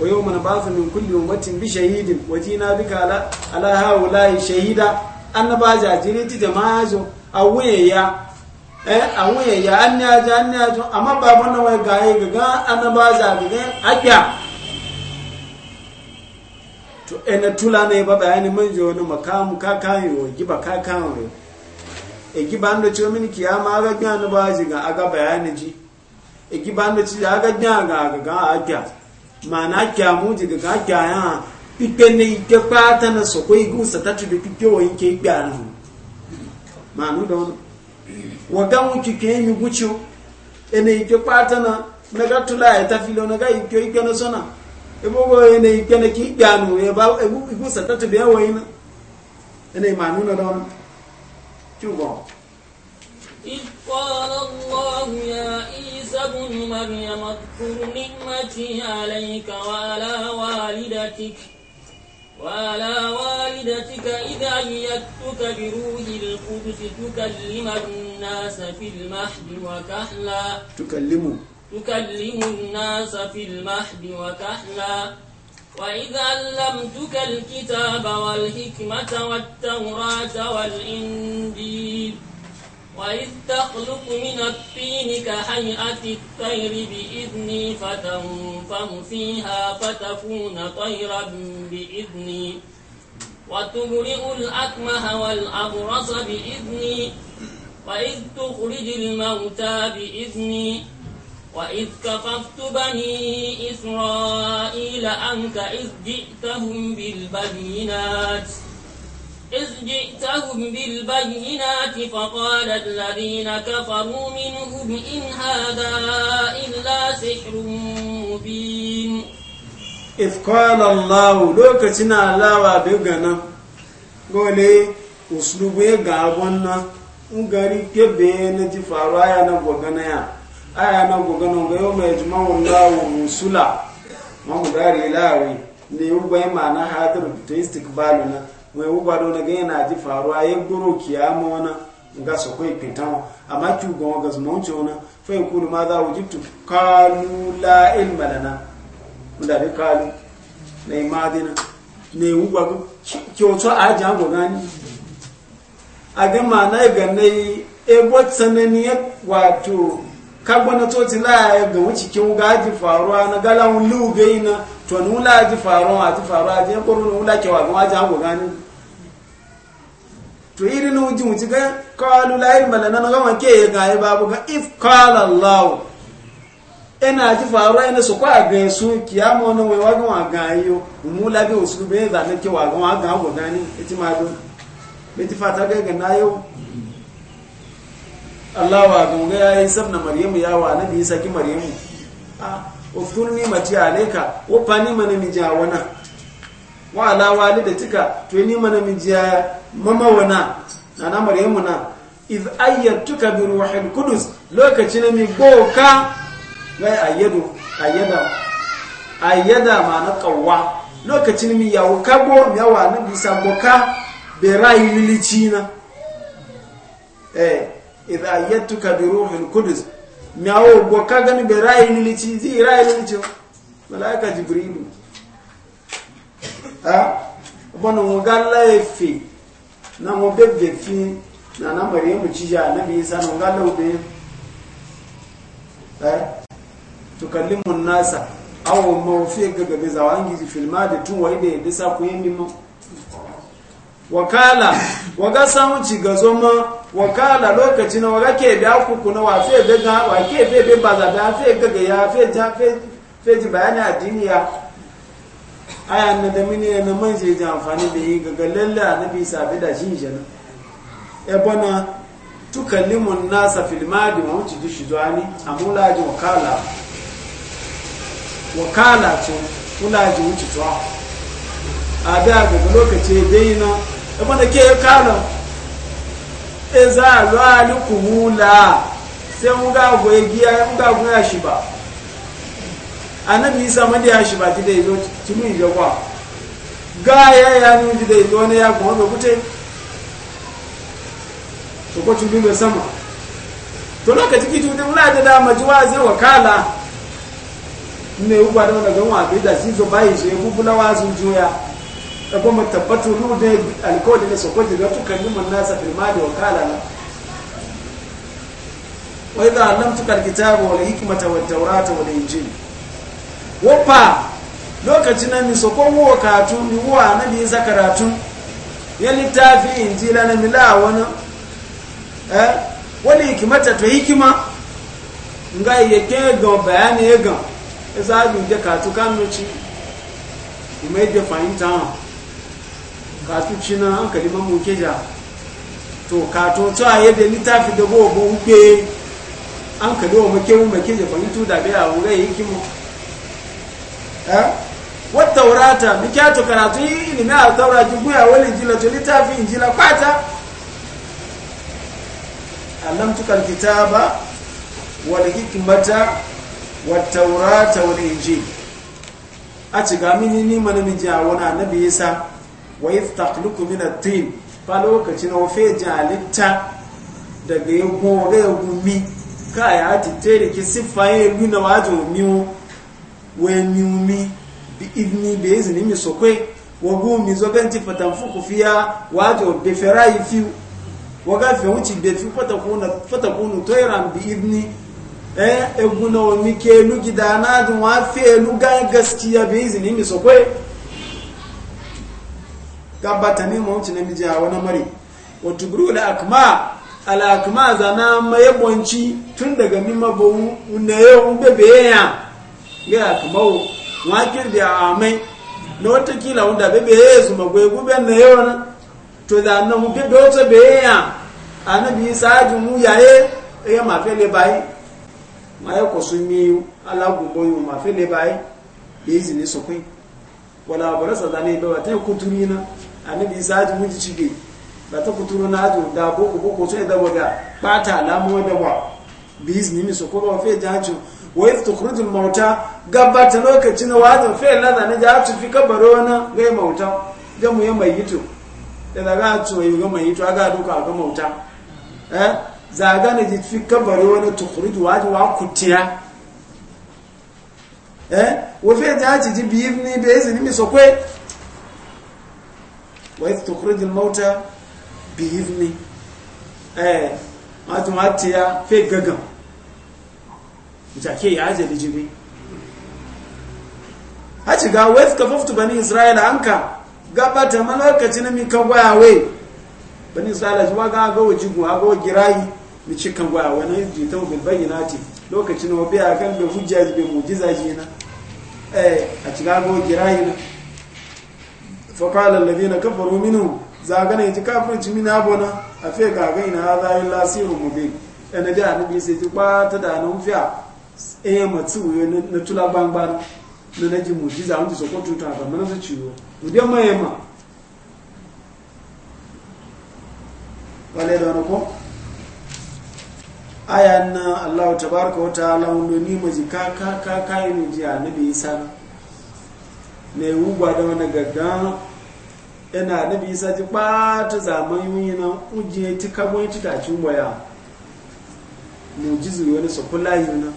wa yawma nab'athu min kulli ummatin bi shahidin wa jina bika ala ala haula'i shahida annabaja jini ti a awaya eh an wuya ya an ya ji an ya ji amma ba ga wai ga gaga an ba za gaga akya to ena tula ne ba bayani mun je wani makamu ka kan yo giba ka kan yo e giba ndo cho min kiyama ga gyan ba ji ga aga bayani ji e giba ndo ci aga gyan ga ga ga akya mana akya mu ji ga akya ya ipe ne ike pata na sokoi gusa tatu de pipe wo ike igba anu manu don wagan wuki ke yi gucu ene ike pata na na ga tula ya ta filo na ga ike ike na sona ibogo e ene ike na ki gano ya e ba ebu e ta satatu biya wayina ene ma nuna da wani kyugo إذ قال الله يا عيسى ابن مريم اذكر نعمتي عليك وعلى والدتك وعلى والدتك إذا أيدتك بروح القدس تكلم الناس في المهد وكحلا تكلم تكلم الناس في المهد وكحلا وإذا علمتك الكتاب والحكمة والتوراة والإنجيل وإذ تخلق من الطين كهيئة الطير بإذني فتنفر فيها فتكون طيرا بإذني وتبرئ الأكمه والأبرص بإذني وإذ تخرج الموتى بإذني وإذ كففت بني إسرائيل عنك إذ جئتهم بالبينات إذ جئتهم بالبينات فقال الذين كفروا منهم إن هذا إلا سحر مبين إذ قال الله تنا الله بيغانا قولي أسلوب يغابونا wannan ngari kebe na ji faru aya na gogana ya aya na gogana ga yau mai jima'un musula rusula mahudari lawi ne yi bayan ma'ana hadir to istikbalu na mai wugwado na ganye na ji faruwa yin guro kiyama wana ga su kai pintan amma ki gon ga ma wuce wana fa yakulu ma za wujibtu qalu la ilma lana da bi na ne na ne wugwa ki wato a ji hango anyị a ma na e ga wato kagbana ga wuce wuga na galan lugaina to nula ji faruwa ji faruwa ji e anyị to iri nu ji mu ga qalu la ilma lana na gama ke ga babu ga if qala allah ina ji faru ina su kwa ga su kiyamo na wai wagan wa ga yo mu la bi usul be za ne ke wa ga wa ga go dani iti ma do biti fata ga ga na yo allah wa ga mu ga yayi sabna maryamu ya wa nabi isa ki maryamu a ufkun ni mati alayka wa pani mana mi jawana wa ala walidatika to ni mana mi mama wana na na maryamu na iz ayyatuka bi ruhil qudus lokacin mi boka gai ayyadu ayyada ayyada ma na qawwa lokacin mi yawo kago mi yawa na bisa boka be rai lilicina eh iz ayyatuka bi ruhil qudus mi yawo boka gani be rai lilici zi rai lilici malaika jibrilu ha, ah, bono ngalla laifi. na mo bebe fi na na maryamu cija na bi isa na ga laube eh tukallimu nasa aw mawfi gaga be zawangi fil madi tun wai ide da sa ku yimi mo wakala waga samu ci gazo ma wakala lokaci na waga ke da ku kuna wa fe daga wa ke fe be baza da fe gaga ya fe ja fe fe ji bayani addini ya aya na da mini na man je ji amfani da yi ga lalle annabi sabi da shi jana e bana tukallimun nasa fil madi wa wuce ji shi zuwa ni amula ji wakala wakala ce kula ji wuci zuwa a da gaga lokaci dai na e bana ke kala e za a zuwa alikumu la sai mu ga goye giya mu ga goya shi ba annabi isa mandi ya shi baki da zo tunu ido kwa ga ya ya nuji da zo ne ya kuma ga kute to ko tunu mai sama to lokaci kiji da mula da dama juwa zai wakala ne uba da wannan gan bai da shi zo bai shi bu bulawa sun juya da e kuma tabbatu lu da alkodi na sokoji da tukar yi mun nasa firma da wakala na Wai da kitabu وإذا علمتك الكتاب taurata wani والإنجيل wofa lokacin nan mi sokon wo katu ni wo anabi za karatu ya littafi injila na mila wani eh wani hikimata to hikima nga yake gan bayani ya gan e za bi da katu kan nuci kuma yadda fahimta katu na an kalima mu keja to katu to a yadda littafi da gobe upe an kadi mu kewu mu keja fahimtu da bayawo ga hikimu Eh? wata wurata mikyato karatu yi ilimin a taura guya wani injila to littafin injila kwata allamtukar kitaba wal hikmata Wata taurata wani inji. a ci ga mini ni mana min a wani annabi yasa wa if min at-tin fa lokacin jalitta daga yago ga gumi? ka ya ti tere ki sifa ye wajen wajo wenyumi biidni beizini misokwe wagumi zobenji fatanfuku fiya wajo beferai fiu wagafe wuci befi fatakuna fatakunu toiran biidni eh eguna wani ke lugi da na jin wa felu ga gaskiya beizini misokwe gabata ni mawuci namiji a wani mari wato buru da akma ala Akma zana mayabonci tun daga mimabawu na yau bebe yaya ga kamau wakir da amai na watakila wanda bebe ya zuma gwe guben na yawan to da na mu bebe wata beye ya anabi isa ajin mu yaye ya mafe le bayi ma ya ko sun mi alagungo yi mafe le bayi da izini su kwai wala bara sa zane ba ta kuturi na anabi isa ajin mu ji cige ba ta kuturu na ajin da boko boko so ya dabo ga bata alamu da ba bi izini mi su ko ba fe jajin wa yi mauta gabata lokacin na wajen fiye na zane ja tu fi kabaro na gai mauta mu yi mai da daga tu yi ga mai aga duka ga mauta eh zaga ne ji fi kabaro na tukuruju wa kutiya eh wa ci ji biyu da izini mi so kwe wa mauta biyu ne eh ma tumatiya fiye jake ya da jibi haci ga wef ka bani isra'ila an ka gabata malakaci na mika gwayawe bani isra'ila ji wa ga gawa jigu a gawa girayi mi cikin kan gwayawe na yi jita wa bilbayyana ce lokacin wabi a kan da hujja ji bai mujiza ji na eh a ci ga gawa girayi na fakala lalazina kafaru minu zagana yaji kafirci min abona a fiye ga gaina hadha lasirin sirrun mubin ana da nubi sai ta ba ta da nan fiya Eya eh, matsi uyo na tula gbangba na na ji mujiza wanda so ko tuta ba mana su ciwo ude ma yema wale da wani ko aya na Allah tabaraka wa ta'ala wanda ni maji ka ka ka kai ni ji annabi Isa ne ugwa da wani gaggan yana e annabi Isa ji ba ta yi yunyi nan ujiye ti kabon ti ta cin boya mujizu wani so kula yuna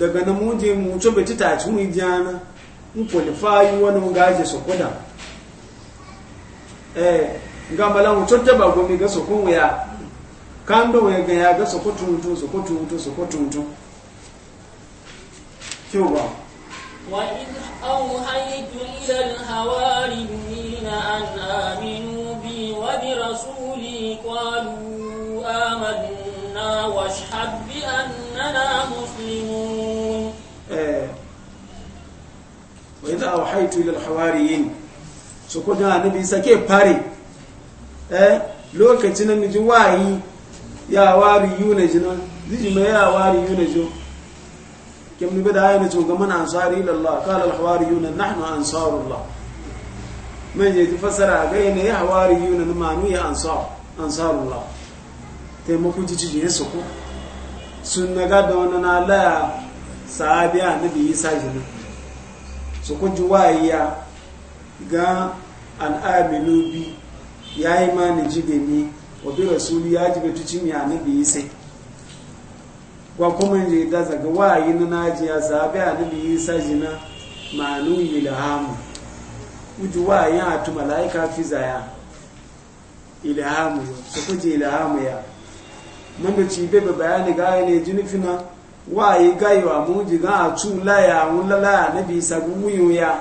daga na muje mu to beti ta ci mu jana mu qualify wani ga je sokoda eh ngambala mu totta ba gomi ga sokon ya kando we ga ya ga sokotu mutu sokotu mutu sokotu mutu kyoba wa in awhaytu ila al-hawariyina an aminu bi wa bi rasuli qalu amanna washhad bi annana Eh. wai za a wahaitu lil hawariyin su kuda annabi sake fare eh, lokacin na miji wayi ya wari yuna jina ziji mai ya wari yuna jo kim ni bada ayana jo gama gaman ansari ilallah qala al hawariyuna nahnu ansarullah man yaji fasara ga yana ya hawariyuna na manu ya ansar ansarullah taimako jiji ne suku. ko sun naga da wannan Allah da yi isa jini su kuji wayiya ga an aminu bi ya yi mani jibe ni wa bi rasuli ya jibe tuci da yi isa wa kuma ne da zaga wayi na najiya sahabi annabi isa jina ma'anu ilhamu uji wayi a tu malaika fi zaya ilhamu su kuji ilhamu ya mun da cibe bayani ga ne jini fina waye gaiwa mu jiga a cu laya mun lalaya na bisa wuyo ya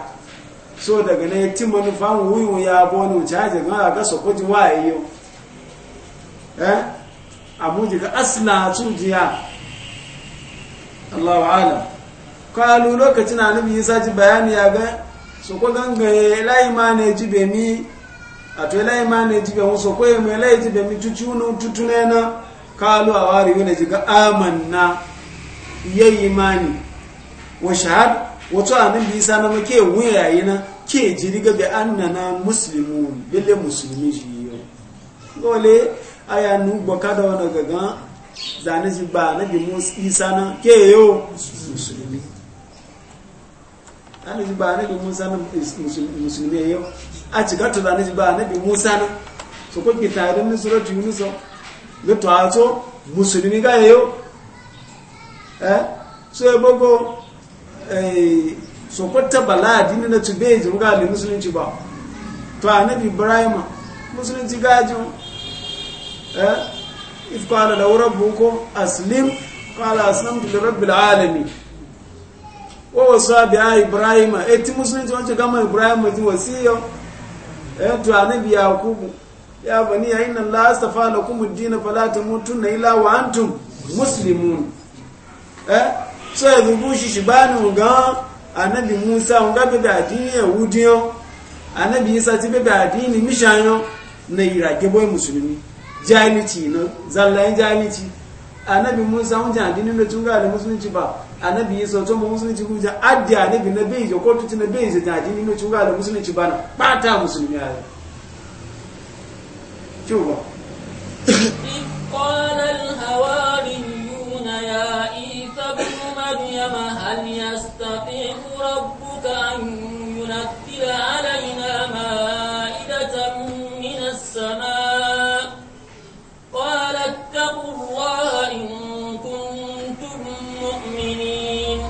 so daga ne ti manufa wuyo ya bonu caje ga ga so ko ji waye yo eh abu jiga asla cu jiya Allahu alam kalu lokacin annabi Isa ji bayani ya ga so ko ganga lai ma ne ji be mi a to lai ma ne ji be mu so ko mai lai ji be mi tutu no tutune na kalu awari yune jiga amanna ya imani wa shahad wato amin bi sa na ke wuya yana ke jiriga bi annana muslimun bille musulmi shi yo gole aya nu boka da wani gaga zane ji ba na bi isa na ke yo musulmi zane ji ba na bi musa na musulmi yo a cika to zane ji ba na bi musa na so ko ki tare ni suratu yunus ga to ato musulmi ga yo Eh? so ya bogo eh, so kwata bala dini na tube ji ga ali musulunci ba to annabi ibrahim musulunci gaji eh if qala law rabbukum aslim qala aslamtu li rabbil alamin wa wasa bi ibrahim eti musulunci wancan gama ibrahim ji wasiyo eh to annabi yakubu ya bani ya inna allaha astafa lakum ad-din fala tamutunna illa wa antum muslimun eh so yanzu bushi shi ba ni gan anabi musa nga bebe adini yahudi yo anabi isa ti bebe adini mishan yo na irage boy musulmi jahilci na zallayin jahilci anabi musa hun jan adini na tunga da musulunci ba anabi isa to musulunci ku ja adi anabi na beije ko tuti na beije ta adini na tunga da musulunci ba na bata musulmi ayo Cuba. قال الهواريون يا مريم هل يستطيع ربك أن ينزل علينا مائدة من السماء قال اتقوا الله إن كنتم مؤمنين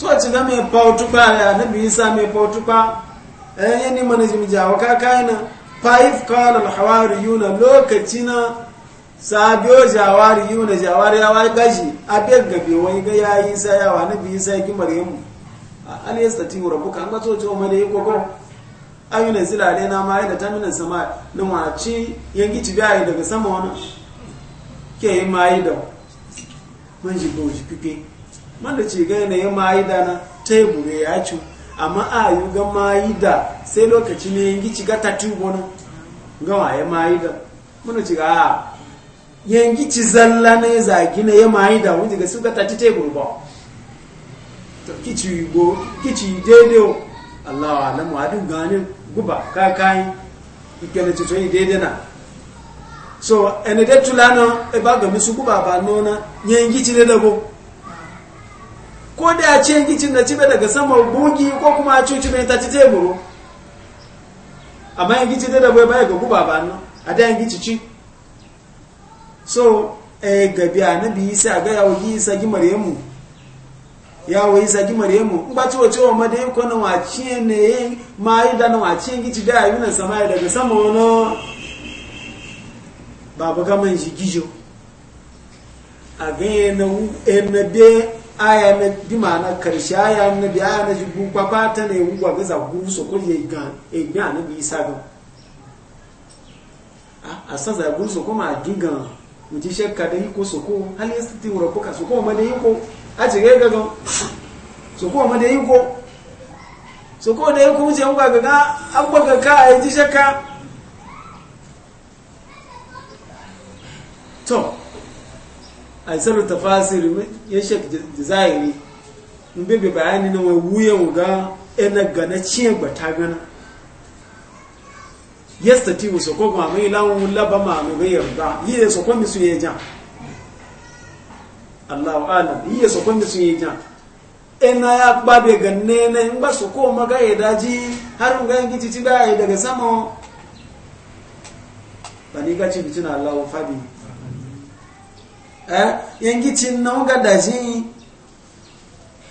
تواتي نمي باوتوكا يا نبي إيسا مي باوتوكا أيني منجم جاوكا كاينا فايف قال الحواريون لوكتنا sabiyo jawari wani jawari yawa gashi biyar gabe wani ga yayi sa yawa na biyu sai ki maryamu an wura rabbuka an ga to to mai ko ko ayuna zila zilare na mai da taminan sama na wace yanki ci yi daga sama wani ke yi ma yi da man shi ko ji pipe man da ci yi ma yi da na tebure ya ci amma a yi ga yi da sai lokaci ne yanki ci ga tatu wani ya ma yi da muna ci ga yanki ci zalla ne zagi ne ya mayi da wuce ga suka tati tebur ba kici go kici daidai Allah wa alamu adu ganin guba kakayi ikene ci tsoyi daidai na so ene de tulano e ba ga misu guba ba nona yanki ci ne da go ko da a ce yanki ci na cibe daga sama bugi ko kuma a cuci mai tati tebur amma yanki ci da da ya ga guba ba no a da yangi ci ci so eh gabi anabi isa ga yawo isa gi maryamu yawo isa gi maryamu ngba ci wa madai ko na wace ne ma yi da na wace gi ci da ayu na sama daga sama wono baba ga man ji gijo a na u e na aya na bi mana karshe aya na bi aya na ji gun kwakwa ta ne ugwa ga zagu so ko ye ga e ga na bi isa ga a sa zagu so kuma gigan uji shakka da yi ko soko hal yastati rabbuka soko ma da yi ko a ce ga gaga soko ma da yi ko soko da yi ko wuce an ga gaga an baka ka a yi shakka to a salu tafasir ya shek jazairi mun bebe bayani na wuya wuga ena gana ciye gbata gana yestati wuso ko ma mai lawon laba ma mai bai yarda yi ya so kwanda su yi jan Allahu alam yi ya so kwanda su yi jan ina ya ba ganne na in ba su ko maga ya daji har ga yanki titi da ya daga sama ba ni gaci bitin Allahu fabi eh yanki cin na ga daji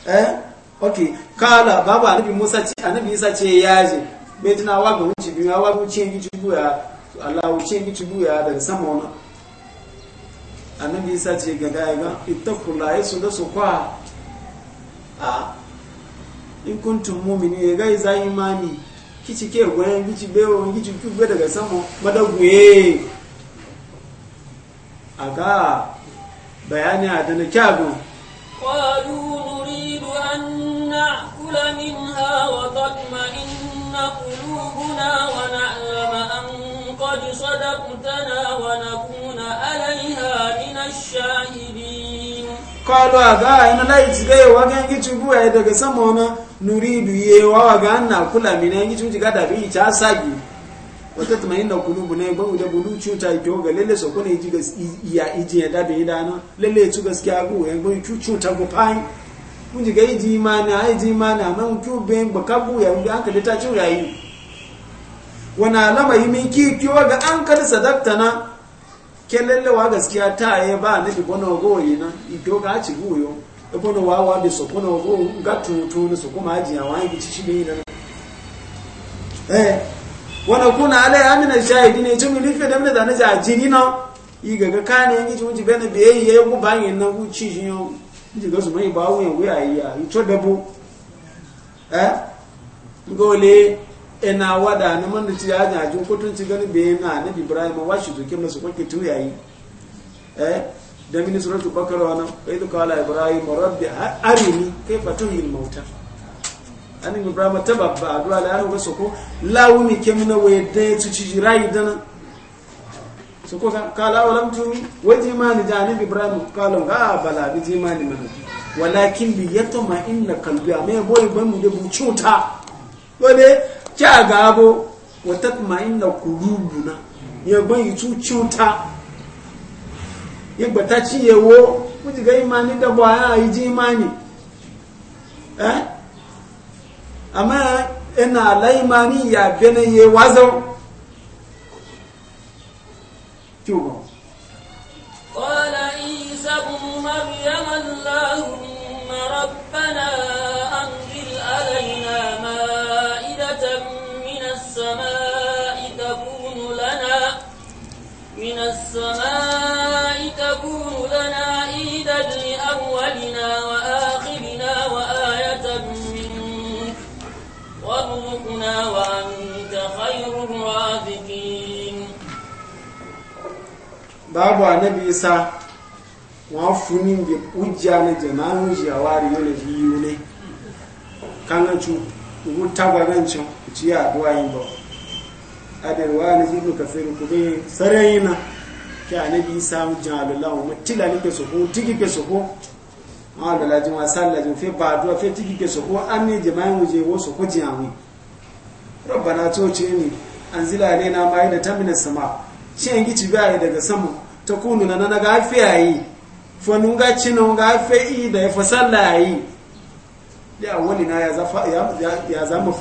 eh okay kala baba annabi Musa ce annabi Isa ce yaje Metina tana waga wuce biyu ya waga wuce yin gici buya Allah wuce yin gici buya daga sama wani annabi isa ce ga gaya ga kula ya su da su kwa a in kuntum mu'mini ya gai za imani kici ke gwayan gici bewa gici kugbe daga sama madagwe a ga bayani a dana kyagun قالوا نريد أن نأكل منها وتطمئن nɔpulu buna awa na arama amu ko jisɔ dakuta na awanaku na ayayi ha a ka aya na laifuka iwaka ginkicu buha edegese ma ona nuru idu ya yiwa a kuka nnaku lamina ya gicu kada bi yi ya asa jiya. watattama yin nnɔpulu bu na gbangwudangwadwomar juta da kyau ga lelese ko na yi ji ya dabanye da anan lela etu gasu ke a ga aya ko juta ko kunji ga iji imani a iji imani a nan kyubin bakabu ya yi an kalita cin rayu wani alama yi min kiki waga an kali sadakta na kelelewa gaskiya ta yi ba na ibo bono ogo yi na ito ga ci guyo ibo e bono wawa bi soko kuna ogo ga tutu na soko kuma ajiya wa yi ci shi na eh wani kuna alai amina shahidi ne cin rufe da mina zane jajiri na yi gaga kane yi ci wuce bene biyayi ya yi gubanyi na wuce shi yau nti gosu mai ba wuyan wuya ya ito dabo eh ngole ina e wada na man ci ya jaju kutun ci gani be na nabi ibrahim wa shi zuke musu kwake tuya yi eh da min suratul bakara wa nan kai kala ibrahim rabbi arini kayfa tuhi al mauta anin ibrahim tababba adwa la yaro gaso ko lawuni kemna waye da su ci jirai dana su kuka kala walam tumi waje ni janibi ibrahim kalon ga ah, bala bi ni man walakin bi yatma inna qalbi amma boy ban mu da bucuta dole kya gabo wa tatma inna qulubuna ya ban yi chuta ye gbata ci yewo kuji ga imani da baya ah, yi ji eh? imani eh amma ina laimani ya bene ye wazo شوفوا قال عيسى ابن مريم اللهم ربنا أنزل علينا مائدة من السماء تكون لنا من السماء تكون لنا عيدا لأولنا وآخرنا وآية منك وارزقنا وأنت خير الرازقين babu annabi isa wa funin bi ujja na jama'an jawari yana biyu ne kan cu wuta gwanan cin ci a duwa yin ba adarwa na jibin kafirin kube sarai na ke annabi isa jalala wa mutila ni ke soko tiki ke soko ma da lajin wa sallajin fe ba duwa fe tiki ke soko an ne jama'in wuje wo soko jiyawi rabbana to ce ni anzila alaina da tamin'a sama' shi yanki ci bayi daga sama ta kunu na nana ga fi yi fanun ga cinu ga da ya fasalla yayi ya awali na ya zama ya zama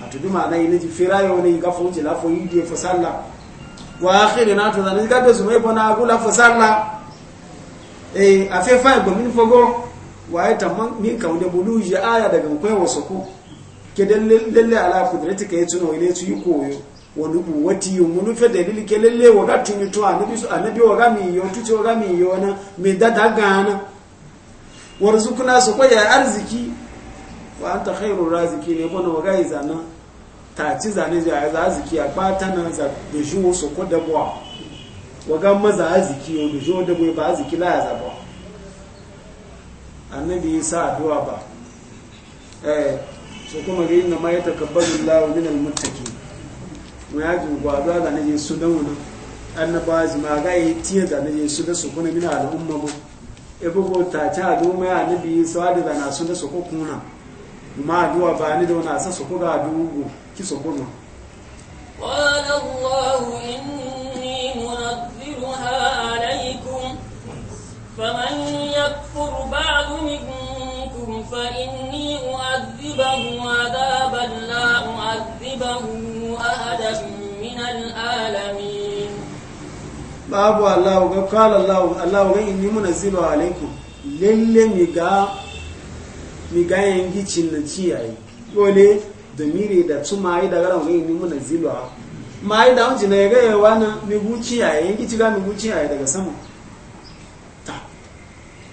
a tudu ma nai niji firayo ne ga yi la fo yidi fasalla wa akhiri na ta zanin ga su mai bana gula fasalla eh a fe fa gomin fogo wa ya tamman min bulu ji aya daga kwai wasu ku ke dalle ala kudratika ya tuno ile su yi koyo wani buwati yi munu fe dalili ke lalle wa gatu mi to anabi su anabi wa gami yo tuce wa gami yo na dada gana warzukuna su kwaya arziki wa yà ne bana wa gai zana ta ci zane ja za arziki a bata na za da shi wasu ko da bwa wa ga la ya sa ba eh, mu ya ji gwazo da naje su dan wani annaba ma ga yi tiye da naje su da su kuna mina al'umma mu ta ta do ma ya nabi sawadi da na su da su ko kuna ma duwa ba ni da wani asa su ga dugu ki su kuna فإني أعذبه عذابا لا أعذبه العالمين babu Allah ga kala Allah Allah ga inni munazzilu alaikum lalle mi ga mi ga yangi cinna ciyayi dole da mire da tuma yi daga ran ga inni munazzilu ma yi da unji ne ga yawa na mi guci yayi yangi ci ga mi guci daga sama ta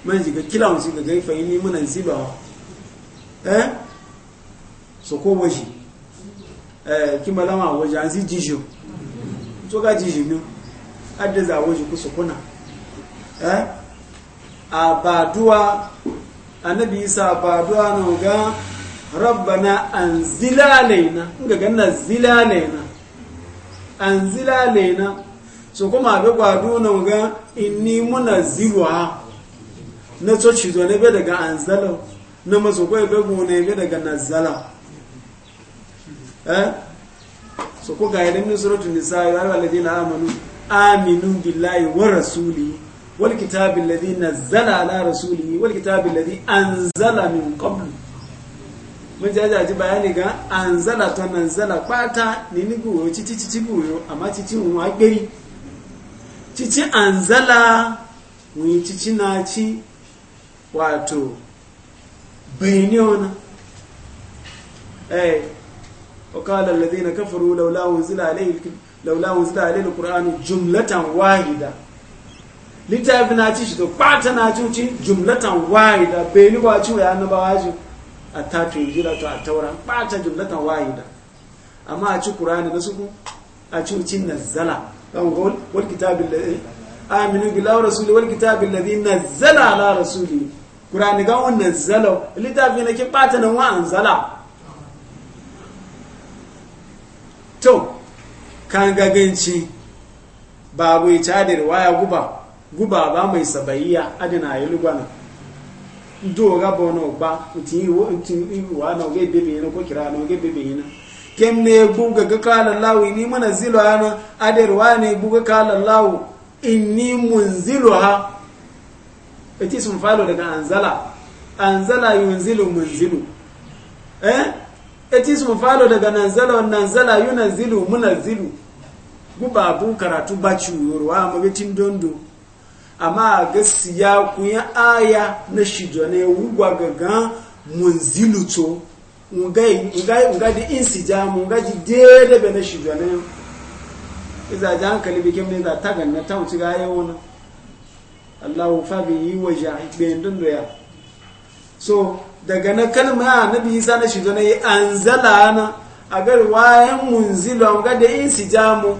man ji ga kila unji ga gaifa inni munazzilu eh so ko waji eh kimalama waje an zi jijo so ga ji jinu adda za waje ku sukuna eh a baduwa annabi isa baduwa na ga rabbana anzila laina ga ganna zila laina zila laina so kuma ga gwado na ga inni muna ziwa na tsoci zo ne be daga zala na mazo ko be gwo ne be daga nazala eh so ko ga yadda min suratul nisa ya ayyuhal ladina amanu aminu billahi wa rasulihi wal kitabi alladhi nazzala ala rasulihi wal kitabi alladhi anzala min qablu mun ji bayani ga anzala ta nanzala kwata ni ni guwo titi titi guwo amma titi mu agberi titi anzala mu titi na ci wato bayani ona eh وقال الذين كفروا لولا انزل عليه لولا انزل عليه القران جمله واحده littafi na ci shi da kwata na ci ci jumlatan wahida bai ni ba ci wa annabawa ji a tatu jira to a taura kwata jumlatan wahida amma a ci qur'ani da suku a ci cin nazala kan gol wal kitabil ladhi aminu billahi rasul wal kitabil ladhi nazzala ala rasuli qur'ani ga wannan zalo littafi na ke kwata nan wa anzala to kan gaganci babu ita da riwaya guba guba ba mai sabayiya adina ya lugwana do ga bo ba nti wo wa no ge bebe yana ko kira no ge bebe ina kem ne buga ga kala lawi ni mana zilo ana ader wa ne buga kala lawu inni munziluha eti sun falo daga anzala anzala mun munzilu eh eti su falo daga nanzala nanzala muna zilu guba abu karatu baci yorwa mabitin dondo amma ga siya kuya aya na shijo ne wugwa gaga zilu to nga di insija mu nga ji dede be na shijo ne iza ji hankali bikin ne za ta ganna ta wuce ga yawon allahu fabi yi waje ɓe dondo ya so daga na kalma annabi isa na shiga na yi anzala na a gar wayan munzila ga da insijamu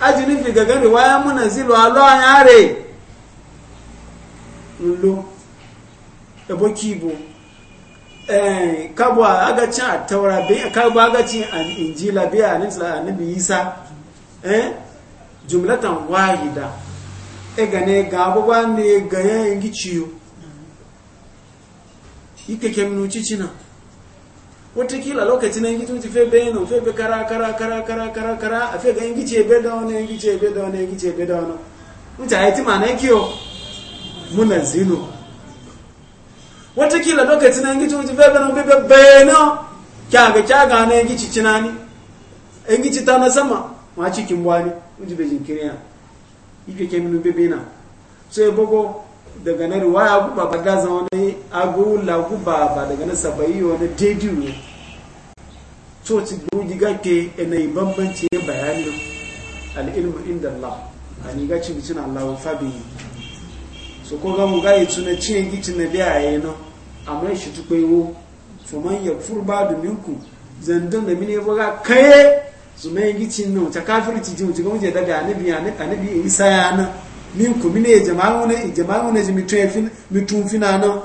ajini fi gaga ni wayan munazilo alo ayare nlo ebo kibo eh kabo agaci a taura be kabo agaci an injila be annabi isa eh jumlatan wahida e gane ga abubuwan ne ga yayin giciyo ikeke minuci cina watakila lokaci na yanki tunci febe bayan febe kara kara kara kara kara kara a febe yanki ce be da wani yanki ce be da wani yanki ce be da wani mutu haiti ma na kiyo muna zino watakila lokaci na yanki tunci febe bayan febe be kyaga kyaga na yanki ci cina ni yanki ci ta na sama ma cikin wani mutu be jinkiri ya minu bebe na so ya e bogo daga na riwaya baba ba gaza wani abu lagu ba daga na sabayi wani daidu ne coci dogi gake yi bambanci ya bayani al'ilmu inda Allah a ni gaci bicin Allah fabi so ko ga mu ga yi tuna cin gici na biya yi nan amma shi tukwai wo fuman ya furba da minku zandan da mini mine ga kaye su mai gicin nan ta kafirci jin ji ga mu je daga annabi annabi Isa ya na. minkum mine jama'u ne jama'u ne mitufin mitufina nan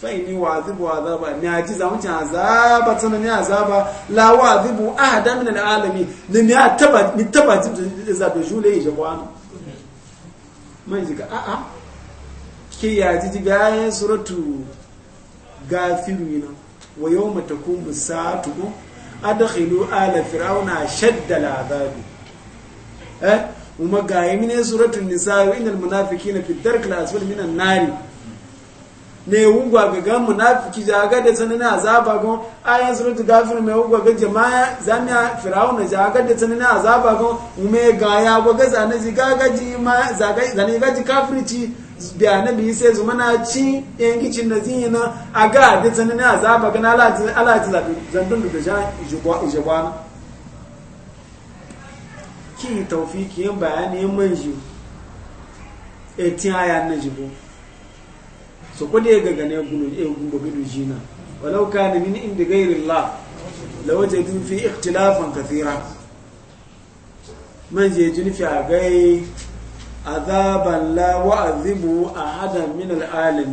fa inni wa'adhibu azaba ni ajiza mutum azaba tana ni azaba la wa'adhibu ahada min al'alami ni ni taba ni taba zabe jule je na man jika a ah, a ah. ke ya ji ji bayan suratu gafiru na wa yawma takumu sa'atu adkhilu ala fir'auna shadda al'azabi eh kuma ga yi mine suratun nisa innal munafiqina fi dark al-asfal minan nari ne wugwa ga gan munafiki ja ga da sanin azaba go ayan suratul gafir mai wugwa ga jama'a zamia fir'auna ja ga da sanin azaba go ume ga ya go ga zane ji ga ji ma za ga zane ga ji kafirci da nabi sai zuma na ci yan kicin na zina a ga da sanin azaba ga na ala ala zabi zandun da ja ijwa ijwa ki taufiki yin bayani yin man etin aya na jibo so ko dai gaga ne gulu e gumbo gidu jina walau kana min inda ghairi Allah lawajadu fi ikhtilafan kathira man je jini fi agai azaban la wa'azibu ahadan min al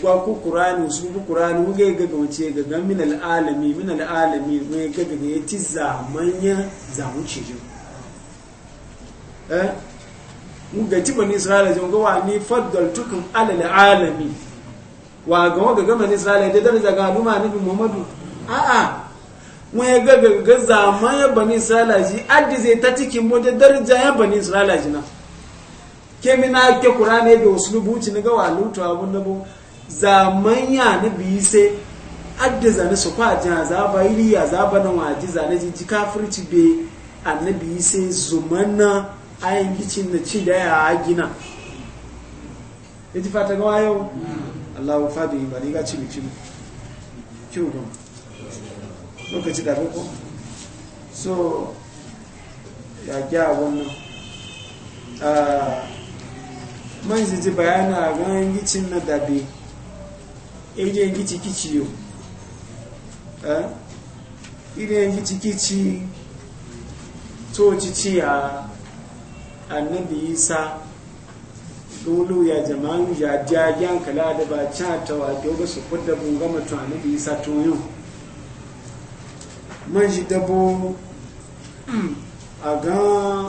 gwa ku kur'ani su bu kur'ani mu ga ga wace ga ga min al'alami min al'alami mu ga ga ya ci zamanya zamu ci jin eh mu ga ci bani isra'ila jin ga wani faddaltukum ala al'alami wa ga wa ga bani isra'ila da daraja ga aluma nabi muhammadu a a mu ga ga ga zamanya bani isra'ila ji addi zai ta cikin mu da daraja ya bani isra'ila ji na kemina ke kur'ani da uslubu ci ni ga walutu abun nabo zaman ya na biyi sai adda zane su kwa jina za ba iri ya za ba na waji zane jiji kafirci be annabi sai zuman na ayin gicin na ci da ya gina ya ji fata gawa yau Allahu fadi ba ni ga ci mi ci mi kiwo don lokaci da ko so ya gya wannan ah man ji bayana ga gicin na dabe eje ngichi kichi yo eh ile ngichi kichi to cici ya annabi isa dulu ya jama'an ya jajan kala da ba cha ta wato ba su fudda bunga mutu annabi isa toyo man Manji dabo a ga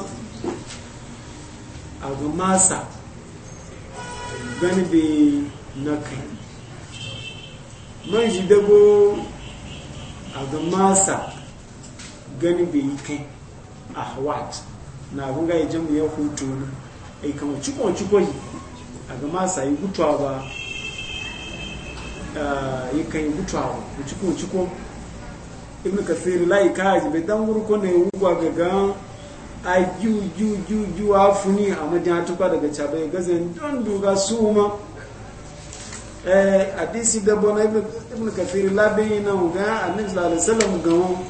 masa gani bi nakai man shi dago a ga masa gani bai yi kai a hawat na abin ga ijen ya hutu na a yi kama cikon cikon a ga masa yi gutuwa ba eh, yi kan yi gutuwa ba cikon cikon ibn kasir layi kaji bai dan gurko ne wuwa ga gan a ju ju ju ju a funi a majiyar tukwa daga cabai gazin don duga su ma hadisi dabo na ibn kafir labin yana ga annabi sallallahu alaihi wasallam ga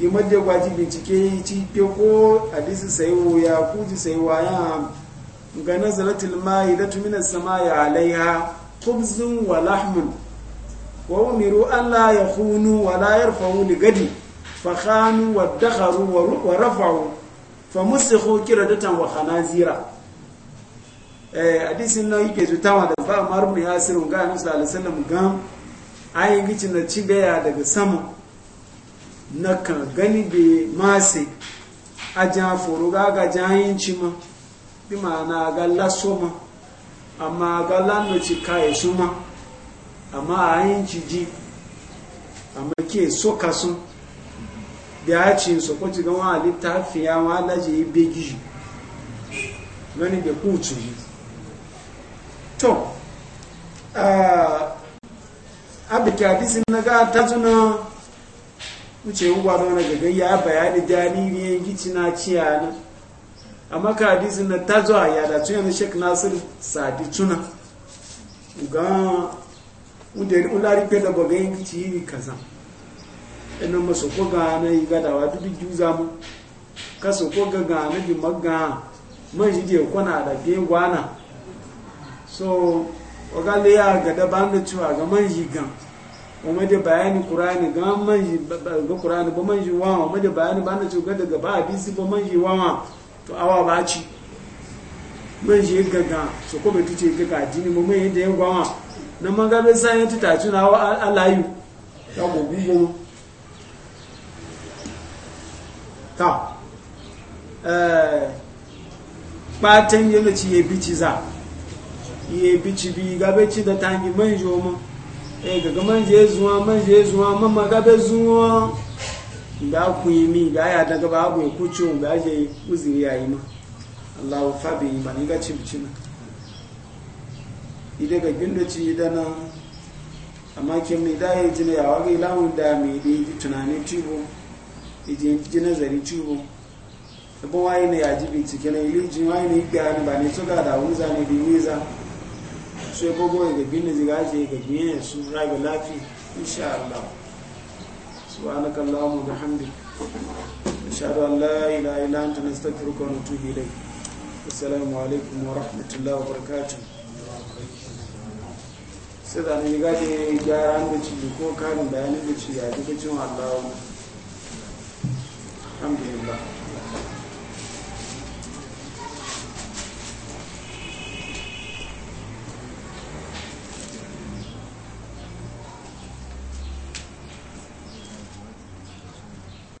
yi madde gwaji bincike ci ke ko hadisi sayo ya kuji sayo ya ga nazaratul ma'idatu min as-sama'i alaiha khubzun wa lahmun wa umiru an la yakhunu wa la yarfa'u li gadi fa khanu wa dakharu wa rafa'u fa musikhu kiradatan wa khanazira Eh, hadisin nan yake jutawa da ba mu ya sirrin ga annabi sallallahu alaihi wasallam gam ayi gici na cibaya daga sama na kan gani be a ajan foro ga ga jayin ma bi na ga lasoma amma ga no ci kai suma amma ayin ji amma ke soka sun da ya ci so ko ci ga wa littafi ya wa laje be giji wani da kucu yi to bikin abisin na ga ta tuna wuce ugwa da wani gaggai ya bayani jaririyan gici na ciya na amma ka abisin na ta zuwa ya da tuna na shek nasir sadi tuna ga wudari ulari pe da baga yin gici yi kaza ina maso ko ga na yi gadawa duk za mu kaso ko ga ga na bi maga man shi je kwana da ke gwana so oga le ya ga da ban da cewa ga manji yi gan kuma da bayani qur'ani ga manji yi ga qur'ani ba manji yi wa kuma da bayani ban da cewa ga daga ba hadisi ba manji yi wa to awa ba ci manji yi ga ga so ko bai tuce ga jini mu mai yadda ya gwawa na man ga san yadda ta tuna wa alayu ta gobi go ta eh patan yana ci ya ci za iye bici bi gabe ci da tangi manje mu eh gaga manje zuwa manje zuwa mama gabe zuwa da ku yi mi ga ya daga ba ku ku ci ga je uzuri yayi ma Allah fa bi ba ga ci bici na ide ga gindo ci da na amma ke mi da yi jina ya wagi ilahun da mi di tunani tubo ije ji nazari tubo sabon waye ne ya ji bincike na ilijin waye ne ga ni ba ne to ga da wani ne bi miza sai gogo ya gabi na zigaje ya gabi ya su raga lafi insha Allah su subhanaka allahumma wa da ashhadu an la ilaha illa anta nastaghfiruka wa natubu ilayk assalamu alaikum wa rahmatullahi wa barakatuh sai da ni gaje gyara an da ci ko karin bayanin da ci ya duka cin Allah alhamdulillah